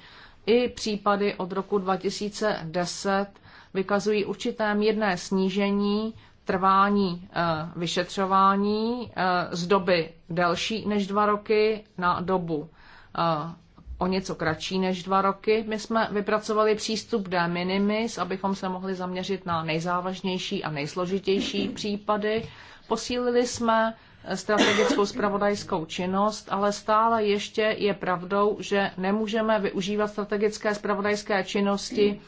Speaker 3: I případy od roku 2010 vykazují určité mírné snížení trvání eh, vyšetřování eh, z doby delší než dva roky na dobu eh, o něco kratší než dva roky. My jsme vypracovali přístup de minimis, abychom se mohli zaměřit na nejzávažnější a nejsložitější případy. Posílili jsme strategickou spravodajskou činnost, ale stále ještě je pravdou, že nemůžeme využívat strategické spravodajské činnosti,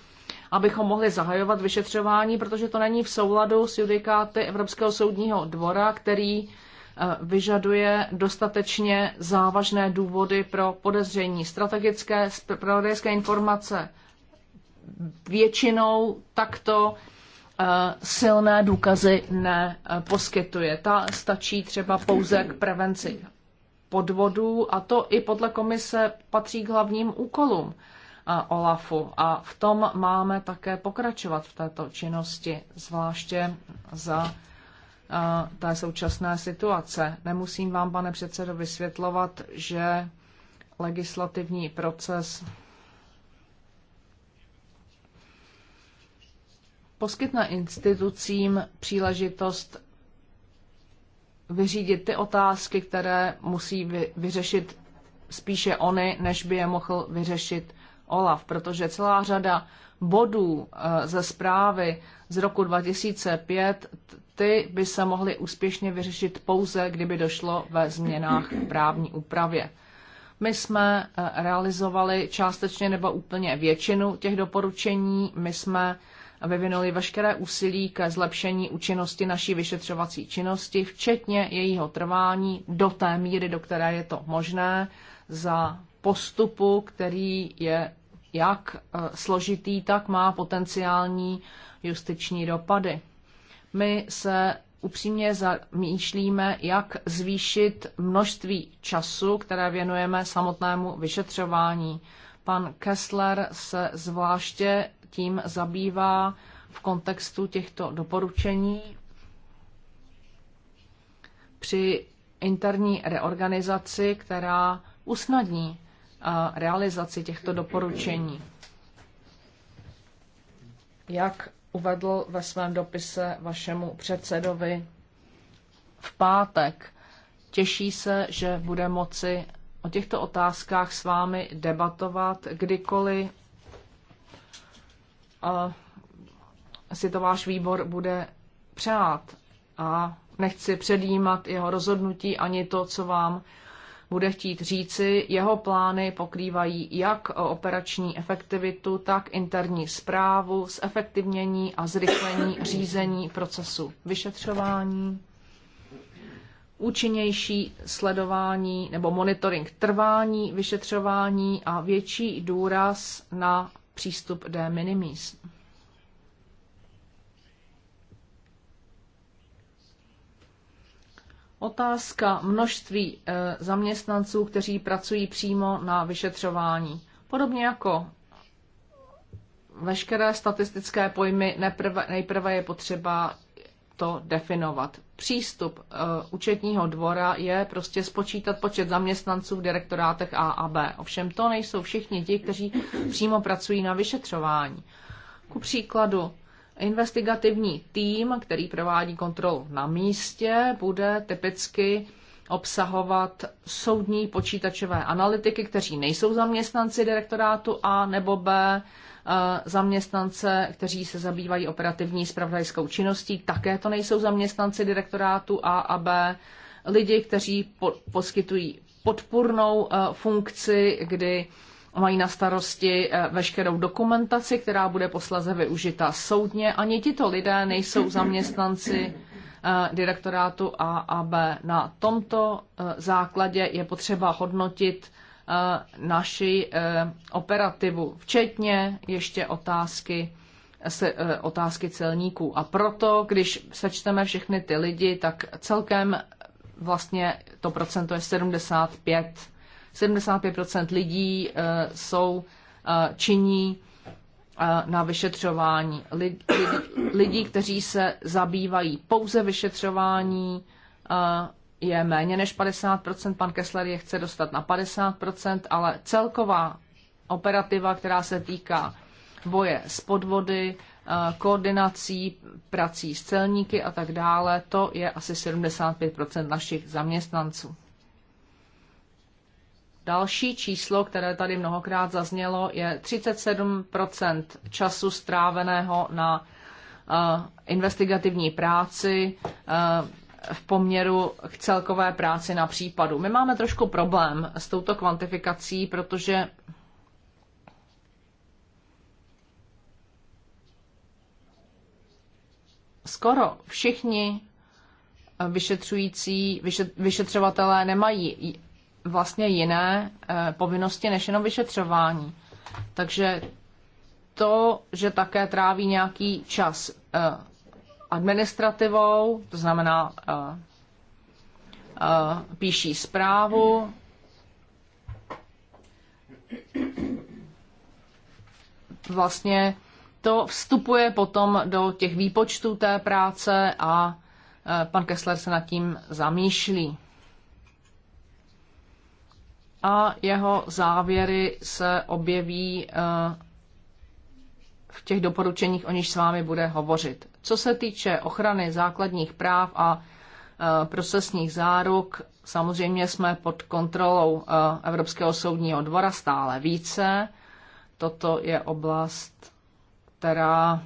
Speaker 3: abychom mohli zahajovat vyšetřování, protože to není v souladu s judikáty Evropského soudního dvora, který Eh, vyžaduje dostatečně závažné důvody pro podezření. Strategické spravodajské informace většinou takto eh, silné důkazy neposkytuje. Ta stačí třeba pouze k prevenci podvodů a to i podle komise patří k hlavním úkolům eh, OLAFu. A v tom máme také pokračovat v této činnosti, zvláště za té současné situace. Nemusím vám, pane předsedo, vysvětlovat, že legislativní proces poskytne institucím příležitost vyřídit ty otázky, které musí vyřešit spíše oni, než by je mohl vyřešit Olaf, protože celá řada bodů eh, ze zprávy z roku 2005, ty by se mohly úspěšně vyřešit pouze, kdyby došlo ve změnách v právní úpravě. My jsme eh, realizovali částečně nebo úplně většinu těch doporučení. My jsme vyvinuli veškeré úsilí ke zlepšení účinnosti naší vyšetřovací činnosti, včetně jejího trvání do té míry, do které je to možné, za postupu, který je jak eh, složitý, tak má potenciální justiční dopady. My se upřímně zamýšlíme, jak zvýšit množství času, které věnujeme samotnému vyšetřování. Pan Kessler se zvláště tím zabývá v kontextu těchto doporučení při interní reorganizaci, která usnadní realizaci těchto doporučení. Jak uvedl ve svém dopise vašemu předsedovi v pátek, těší se, že bude moci o těchto otázkách s vámi debatovat kdykoliv a si to váš výbor bude přát. A nechci předjímat jeho rozhodnutí ani to, co vám bude chtít říci, jeho plány pokrývají jak operační efektivitu, tak interní zprávu, zefektivnění a zrychlení řízení procesu vyšetřování, účinnější sledování nebo monitoring trvání vyšetřování a větší důraz na přístup de minimis. Otázka množství eh, zaměstnanců, kteří pracují přímo na vyšetřování. Podobně jako veškeré statistické pojmy, neprve, nejprve je potřeba to definovat. Přístup uh, účetního dvora je prostě spočítat počet zaměstnanců v direktorátech A a B. Ovšem to nejsou všichni ti, kteří přímo pracují na vyšetřování. Ku příkladu Investigativní tým, který provádí kontrolu na místě, bude typicky obsahovat soudní počítačové analytiky, kteří nejsou zaměstnanci direktorátu A nebo B, eh, zaměstnance, kteří se zabývají operativní spravodajskou činností, také to nejsou zaměstnanci direktorátu A a B, lidi, kteří po- poskytují podpůrnou eh, funkci, kdy mají na starosti eh, veškerou dokumentaci, která bude posleze využita soudně. Ani tito lidé nejsou zaměstnanci eh, direktorátu AAB. Na tomto eh, základě je potřeba hodnotit naši operativu, včetně ještě otázky se, otázky celníků. A proto, když sečteme všechny ty lidi, tak celkem vlastně to procento je 75 75 lidí eh, jsou eh, činní eh, na vyšetřování lid, lid, lidí, kteří se zabývají pouze vyšetřování, je méně než 50%. Pan Kessler je chce dostat na 50%, ale celková operativa, která se týká boje s podvody, koordinací prací s celníky a tak dále, to je asi 75% našich zaměstnanců. Další číslo, které tady mnohokrát zaznělo, je 37 času stráveného na eh, investigativní práci eh, v poměru k celkové práci na případu. My máme trošku problém s touto kvantifikací, protože skoro všichni eh, vyšetřující, vyšetřovatelé nemají vlastně jiné eh, povinnosti než jenom vyšetřování. Takže to, že také tráví nějaký čas eh, administrativou, to znamená eh, píší zprávu, vlastně to vstupuje potom do těch výpočtů té práce a pan Kessler se nad tím zamýšlí a jeho závěry se objeví eh, v těch doporučeních, o níž s vámi bude hovořit. Co se týče ochrany základních práv a eh, procesních záruk, samozřejmě jsme pod kontrolou eh, Evropského soudního dvora stále více. Toto je oblast, která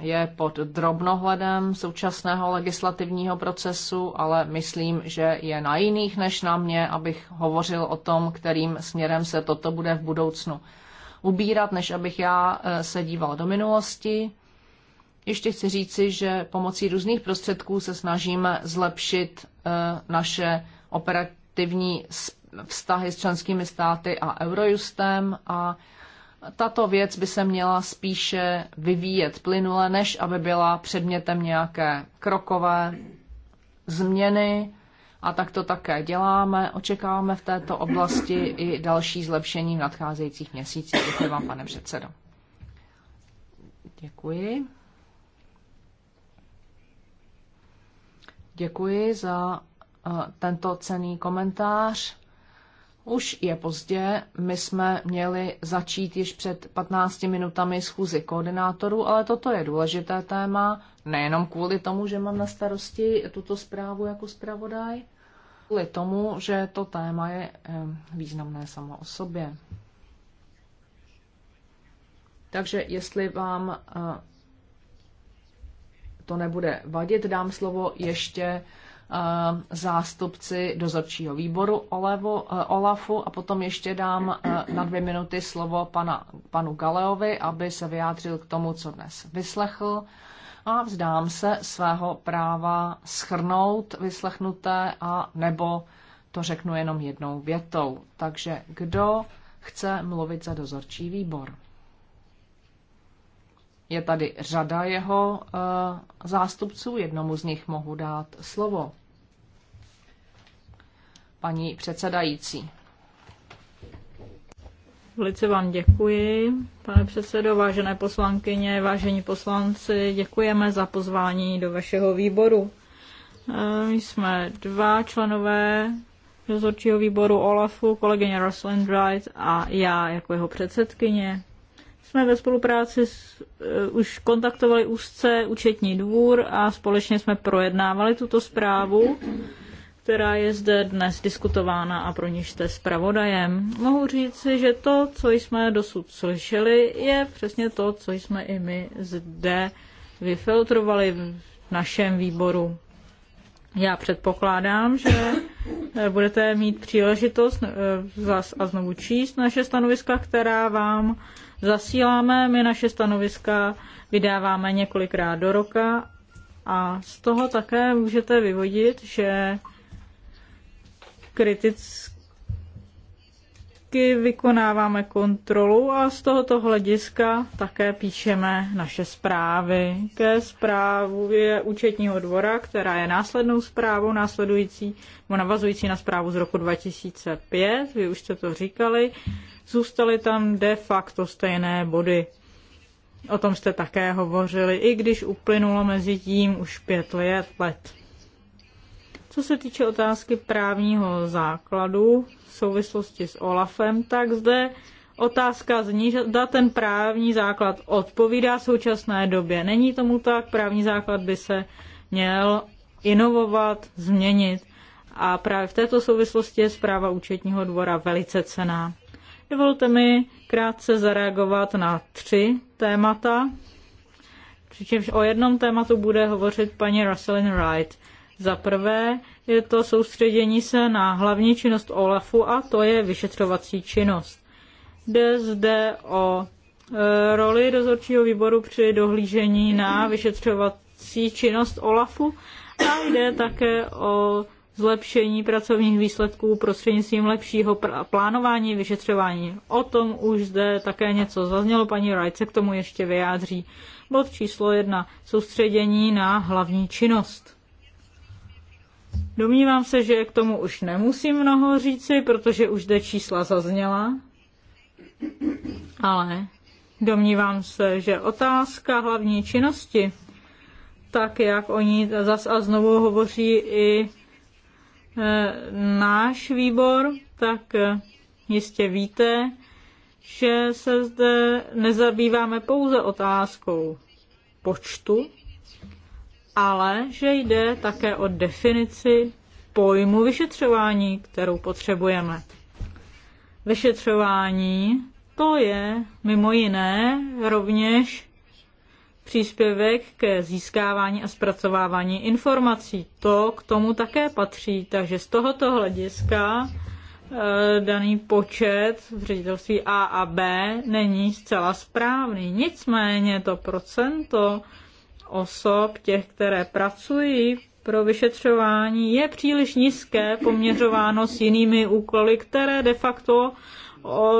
Speaker 3: je pod drobnohledem současného legislativního procesu, ale myslím, že je na jiných než na mě, abych hovořil o tom, kterým směrem se toto bude v budoucnu ubírat, než abych já e, se díval do minulosti. Ještě chci říci, že pomocí různých prostředků se snažíme zlepšit e, naše operativní vztahy s členskými státy a Eurojustem a tato věc by se měla spíše vyvíjet plynule, než aby byla předmětem nějaké krokové změny. A tak to také děláme. Očekáváme v této oblasti i další zlepšení v nadcházejících měsících. Děkuji vám, pane předsedo. Děkuji. Děkuji za eh, tento cený komentář. Už je pozdě, my jsme měli začít již před 15 minutami schůzi koordinátorů, ale toto je důležité téma, nejenom kvůli tomu, že mám na starosti tuto zprávu jako zpravodaj, kvůli tomu, že to téma je významné samo o sobě. Takže jestli vám eh, to nebude vadit, dám slovo ještě Eh, zástupci dozorčího výboru Olevo, eh, Olafu a potom ještě dám eh, na dvě minuty slovo pana, panu Galeovi, aby se vyjádřil k tomu, co dnes vyslechl a vzdám se svého práva schrnout vyslechnuté a nebo to řeknu jenom jednou větou. Takže kdo chce mluvit za dozorčí výbor? Je tady řada jeho eh, zástupců, jednomu z nich mohu dát slovo.
Speaker 2: Paní předsedající. Velice vám děkuji, pane předsedo, vážené poslankyně, vážení poslanci. Děkujeme za pozvání do vašeho výboru. My eh, jsme dva členové dozorčího výboru OLAFu, kolegyně Rosalind Wright a já jako jeho předsedkyně jsme ve spolupráci s, uh, už kontaktovali úzce účetní dvůr a společně jsme projednávali tuto zprávu, která je zde dnes diskutována a pro níž jste zpravodajem. Mohu říci, že to, co jsme dosud slyšeli, je přesně to, co jsme i my zde vyfiltrovali v našem výboru. Já předpokládám, že eh, budete mít příležitost eh, zas a znovu číst naše stanoviska, která vám zasíláme, my naše stanoviska vydáváme několikrát do roka a z toho také můžete vyvodit, že kriticky vykonáváme kontrolu a z tohoto hlediska také píšeme naše zprávy ke zprávě účetního dvora, která je následnou zprávou následující, nebo navazující na zprávu z roku 2005, vy už jste to říkali, zůstaly tam de facto stejné body. O tom jste také hovořili, i když uplynulo mezi tím už pět let. Co se týče otázky právního základu v souvislosti s OLAFem, tak zde otázka zní, zda ten právní základ odpovídá současné době. Není tomu tak, právní základ by se měl inovovat, změnit. A právě v této souvislosti je zpráva účetního dvora velice cená. Dovolte mi krátce zareagovat na tři témata, přičemž o jednom tématu bude hovořit paní Rosalind Wright. Za prvé je to soustředění se na hlavní činnost OLAFu a to je vyšetřovací činnost. Jde zde o e, roli dozorčího výboru při dohlížení na vyšetřovací činnost OLAFu a jde také o zlepšení pracovních výsledků prostřednictvím lepšího plánování vyšetřování. O tom už zde také něco zaznělo, paní Rajce k tomu ještě vyjádří. Bod číslo jedna. Soustředění na hlavní činnost. Domnívám se, že k tomu už nemusím mnoho říci, protože už zde čísla zazněla. Ale domnívám se, že otázka hlavní činnosti, tak jak o ní zas a znovu hovoří i Eh, náš výbor, tak eh, jistě víte, že se zde nezabýváme pouze otázkou počtu, ale že jde také o definici pojmu vyšetřování, kterou potřebujeme. Vyšetřování to je mimo jiné rovněž příspěvek k získávání a zpracovávání informací. To k tomu také patří, takže z tohoto hlediska eh, daný počet v ředitelství A a B není zcela správný. Nicméně to procento osob, těch, které pracují pro vyšetřování, je příliš nízké, poměřováno s jinými úkoly, které de facto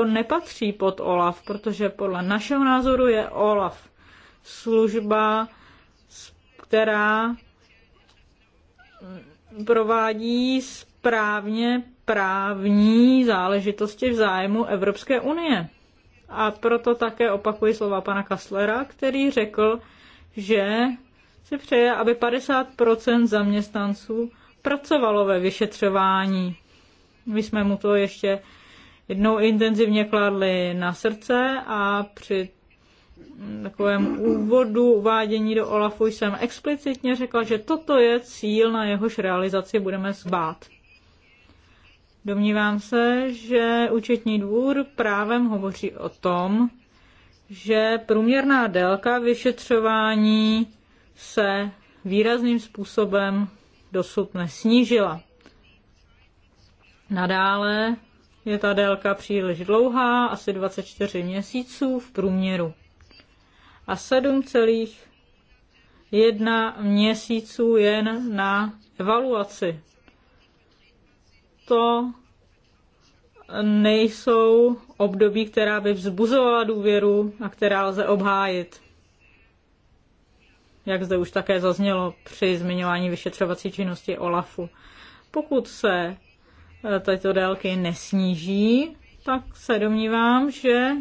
Speaker 2: nepatří pod OLAF, protože podle našeho názoru je OLAF služba, která provádí správně právní záležitosti v zájmu Evropské unie. A proto také opakuji slova pana Kasslera, který řekl, že si přeje, aby 50% zaměstnanců pracovalo ve vyšetřování. My jsme mu to ještě jednou intenzivně kladli na srdce a při takovém úvodu uvádění do OLAFu jsem explicitně řekla, že toto je cíl, na jehož realizaci budeme zbát. Domnívám se, že účetní dvůr právem hovoří o tom, že průměrná délka vyšetřování se výrazným způsobem dosud nesnížila. Nadále je ta délka příliš dlouhá, asi 24 měsíců v průměru a 7,1 měsíců jen na evaluaci. To nejsou období, která by vzbuzovala důvěru a která lze obhájit. Jak zde už také zaznělo při zmiňování vyšetřovací činnosti OLAFu. Pokud se eh, tyto délky nesníží, tak se domnívám, že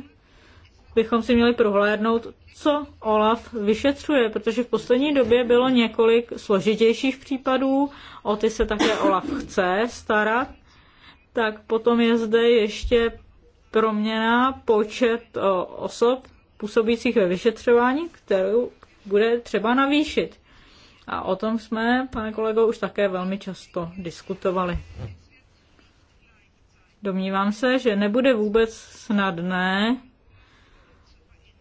Speaker 2: bychom si měli prohlédnout, co OLAF vyšetřuje, protože v poslední době bylo několik složitějších případů, o ty se také OLAF chce starat. Tak potom je zde ještě proměna počet osob působících ve vyšetřování, kterou bude třeba navýšit. A o tom jsme, pane kolego, už také velmi často diskutovali. Domnívám se, že nebude vůbec snadné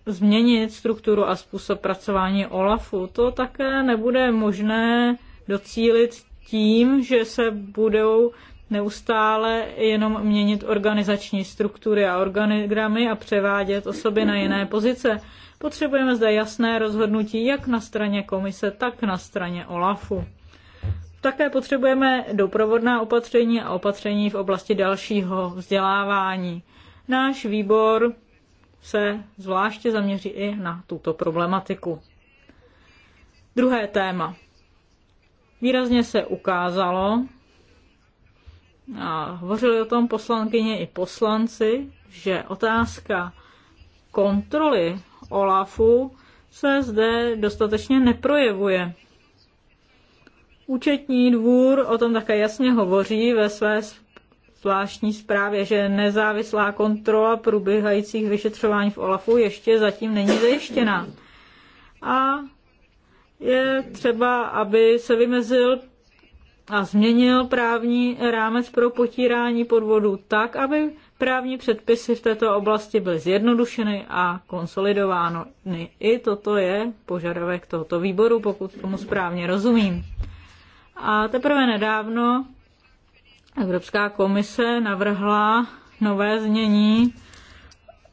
Speaker 2: změnit strukturu a způsob pracování OLAFu. To také nebude možné docílit tím, že se budou neustále jenom měnit organizační struktury a organigramy a převádět osoby na jiné pozice. Potřebujeme zde jasné rozhodnutí jak na straně komise, tak na straně OLAFu. Také potřebujeme doprovodná opatření a opatření v oblasti dalšího vzdělávání. Náš výbor se zvláště zaměří i na tuto problematiku. Druhé téma. Výrazně se ukázalo, a hovořili o tom poslankyně i poslanci, že otázka kontroly OLAFu se zde dostatečně neprojevuje. Účetní dvůr o tom také jasně hovoří ve své zvláštní zprávě, že nezávislá kontrola průběhajících vyšetřování v OLAFu ještě zatím není zajištěná. A je třeba, aby se vymezil a změnil právní rámec pro potírání podvodů tak, aby právní předpisy v této oblasti byly zjednodušeny a konsolidovány. I toto je požadavek tohoto výboru, pokud tomu správně rozumím. A teprve nedávno Evropská komise navrhla nové znění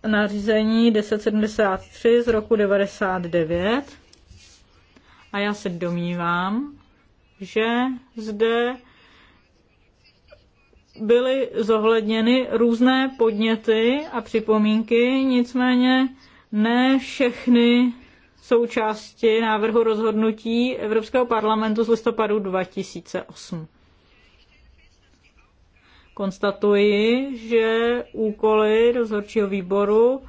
Speaker 2: nařízení 1073 z roku 99 a já se domnívám, že zde byly zohledněny různé podněty a připomínky, nicméně ne všechny součásti návrhu rozhodnutí Evropského parlamentu z listopadu 2008 konstatuji, že úkoly dozorčího výboru,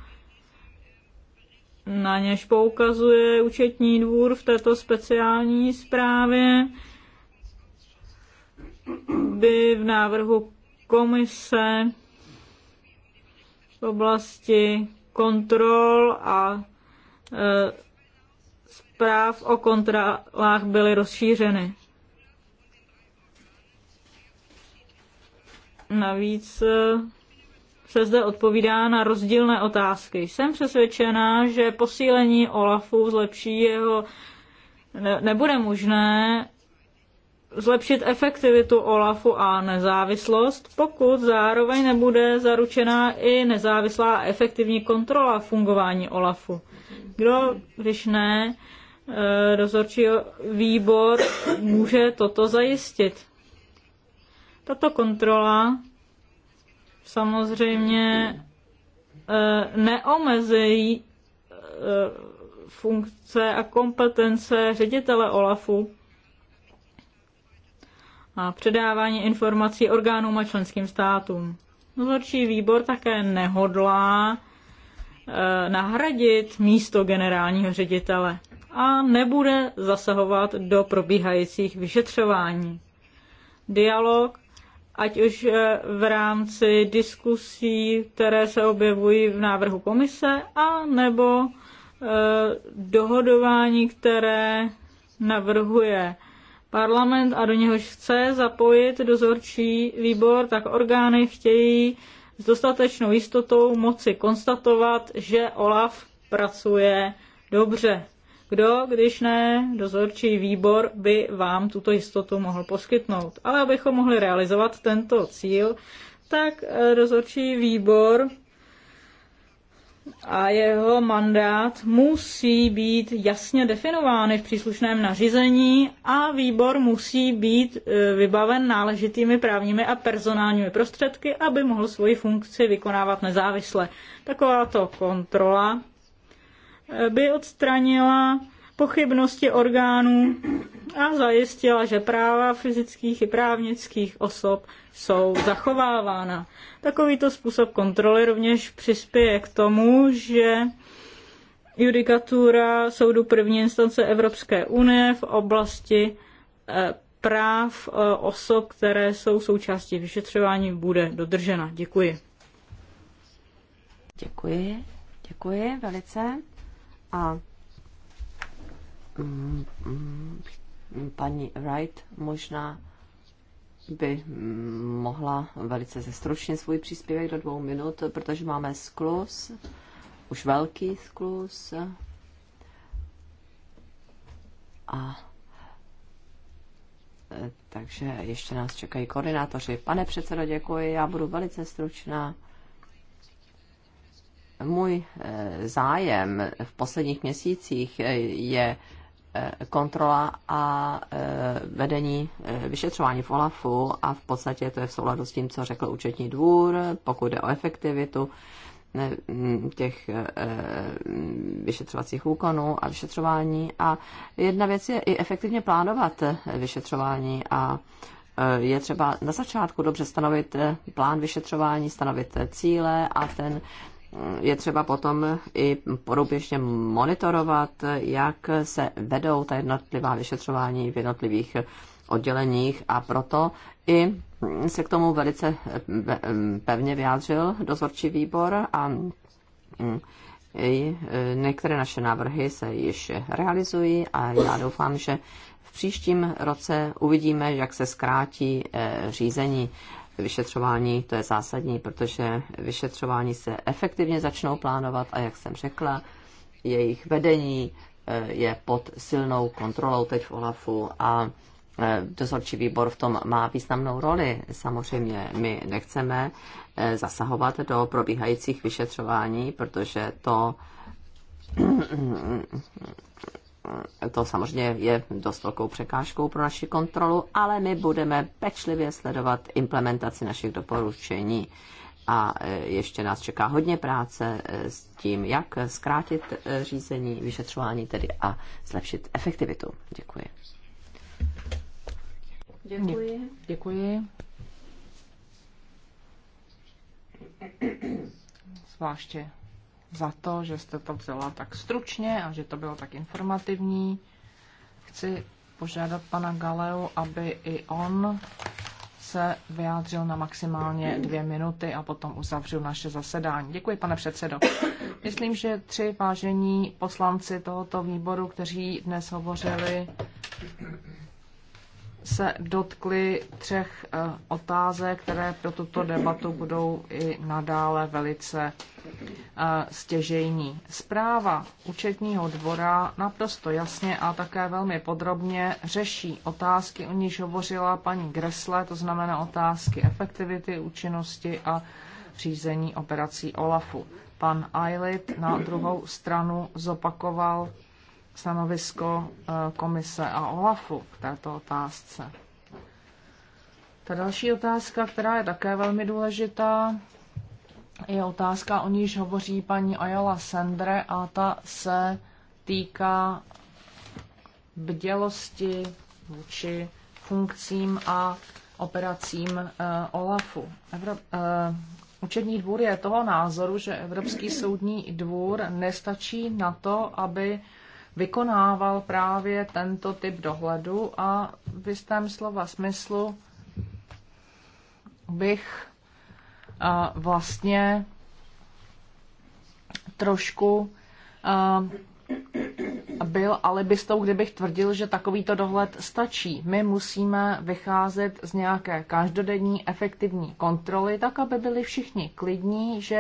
Speaker 2: na něž poukazuje účetní dvůr v této speciální zprávě, by v návrhu komise v oblasti kontrol a e, zpráv o kontrolách byly rozšířeny. Navíc eh, se zde odpovídá na rozdílné otázky. Jsem přesvědčená, že posílení OLAFu zlepší jeho... Ne, nebude možné zlepšit efektivitu OLAFu a nezávislost, pokud zároveň nebude zaručena i nezávislá a efektivní kontrola fungování OLAFu. Kdo, když ne, eh, dozorčí výbor může toto zajistit. Tato kontrola samozřejmě e, funkce a kompetence ředitele OLAFu a předávání informací orgánům a členským státům. Dozorčí výbor také nehodlá eh, nahradit místo generálního ředitele a nebude zasahovat do probíhajících vyšetřování. Dialog ať už eh, v rámci diskusí, které se objevují v návrhu komise, a nebo eh, dohodování, které navrhuje parlament a do něhož chce zapojit dozorčí výbor, tak orgány chtějí s dostatečnou jistotou moci konstatovat, že OLAF pracuje dobře. Kdo, když ne, dozorčí výbor by vám tuto jistotu mohl poskytnout. Ale abychom mohli realizovat tento cíl, tak eh, dozorčí výbor a jeho mandát musí být jasně definovány v příslušném nařízení a výbor musí být eh, vybaven náležitými právními a personálními prostředky, aby mohl svoji funkci vykonávat nezávisle. Takováto kontrola by odstranila pochybnosti orgánů a zajistila, že práva fyzických i právnických osob jsou zachovávána. Takovýto způsob kontroly rovněž přispěje k tomu, že judikatura soudu první instance Evropské unie v oblasti eh, práv eh, osob, které jsou součástí vyšetřování, bude dodržena. Děkuji. Děkuji,
Speaker 1: děkuji velice. A mm, mm, paní Wright možná by mm, mohla velice zestručnit svůj příspěvek do dvou minut, protože máme sklus, už velký sklus. A e, takže ještě nás čekají koordinátoři. Pane předsedo, děkuji, já budu velice stručná. Můj eh, zájem v posledních měsících eh, je eh, kontrola a vedení vyšetřování v OLAFu a v podstatě to je v souladu s tím, co řekl účetní dvůr, pokud jde o efektivitu těch vyšetřovacích úkonů a vyšetřování. A jedna věc je i efektivně plánovat vyšetřování a je třeba na začátku dobře stanovit plán vyšetřování, stanovit cíle a ten je třeba potom i průběžně monitorovat, jak se vedou ta jednotlivá vyšetřování v jednotlivých odděleních a proto i se k tomu velice pevně vyjádřil dozorčí výbor a některé naše návrhy se již realizují a já doufám, že v příštím roce uvidíme, jak se zkrátí eh, řízení vyšetřování, to je zásadní, protože vyšetřování se efektivně začnou plánovat a jak jsem řekla, jejich vedení eh, je pod silnou kontrolou teď v OLAFu a eh, dozorčí výbor v tom má významnou roli. Samozřejmě my nechceme eh, zasahovat do probíhajících vyšetřování, protože to to samozřejmě je dost velkou překážkou pro naši kontrolu, ale my budeme pečlivě sledovat implementaci našich doporučení. A e, ještě nás čeká hodně práce e, s tím, jak zkrátit e, řízení, vyšetřování tedy a zlepšit efektivitu. Děkuji.
Speaker 3: Děkuji. Děkuji. Zvláště za to, že jste to vzala tak stručně a že to bylo tak informativní. Chci požádat pana Galeu, aby i on se vyjádřil na maximálně dvě minuty a potom uzavřu naše zasedání. Děkuji, pane předsedo. Myslím, že tři vážení poslanci tohoto výboru, kteří dnes hovořili, se dotkli třech eh, otázek, které pro tuto debatu budou i nadále velice eh, stěžejní. Zpráva účetního dvora naprosto jasně a také velmi podrobně řeší otázky, o níž hovořila paní Gresle, to znamená otázky efektivity, účinnosti a řízení operací OLAFu. Pan Eilid na druhou stranu zopakoval stanovisko eh, komise a OLAFu k této otázce. Ta další otázka, která je také velmi důležitá, je otázka, o níž hovoří paní Ayala Sendre a ta se týká bdělosti vůči funkcím a operacím uh, OLAFu. Evrop, uh, eh, Učední dvůr je toho názoru, že Evropský soudní dvůr nestačí na to, aby uh, vykonával právě tento typ dohledu a v jistém slova smyslu bych vlastně trošku byl alibistou, kdybych tvrdil, že takovýto dohled stačí. My musíme vycházet z nějaké každodenní efektivní kontroly, tak aby byli všichni klidní, že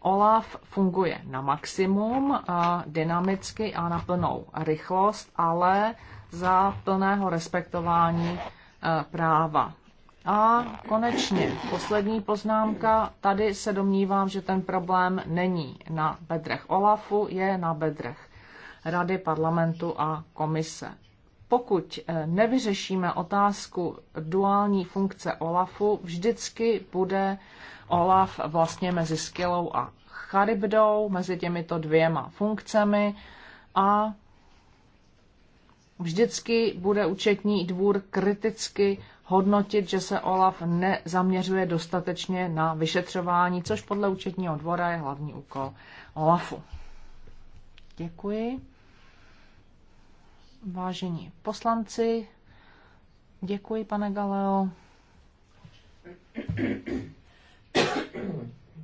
Speaker 3: OLAF funguje na maximum, dynamicky a na plnou rychlost, ale za plného respektování e, práva. A konečně poslední poznámka. Tady se domnívám, že ten problém není na bedrech OLAFu, je na bedrech Rady parlamentu a komise. Pokud e, nevyřešíme otázku duální funkce OLAFu, vždycky bude OLAF vlastně mezi Skylou a Charybdou, mezi těmito dvěma funkcemi a vždycky bude účetní dvůr kriticky hodnotit, že se OLAF nezaměřuje dostatečně na vyšetřování, což podle účetního dvora je hlavní úkol OLAFu. Děkuji. Vážení poslanci, děkuji, pane Galeo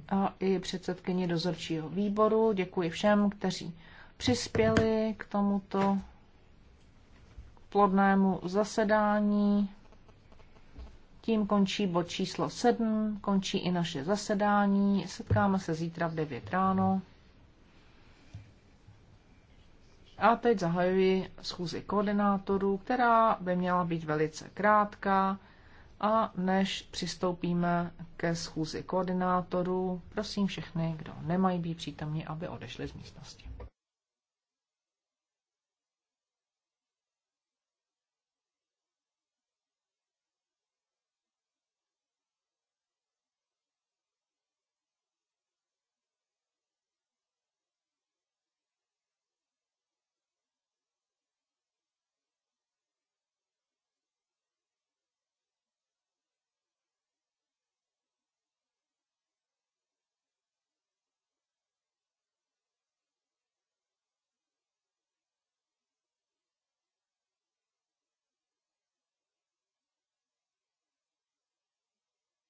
Speaker 3: a i předsedkyni dozorčího výboru. Děkuji všem, kteří přispěli k tomuto plodnému zasedání. Tím končí bod číslo 7, končí i naše zasedání. Setkáme se zítra v 9 ráno. A teď zahajuji schůzi koordinátorů, která by měla být velice krátká. A než přistoupíme ke schůzi koordinátorů, prosím všechny, kdo nemají být přítomní, aby odešli z místnosti.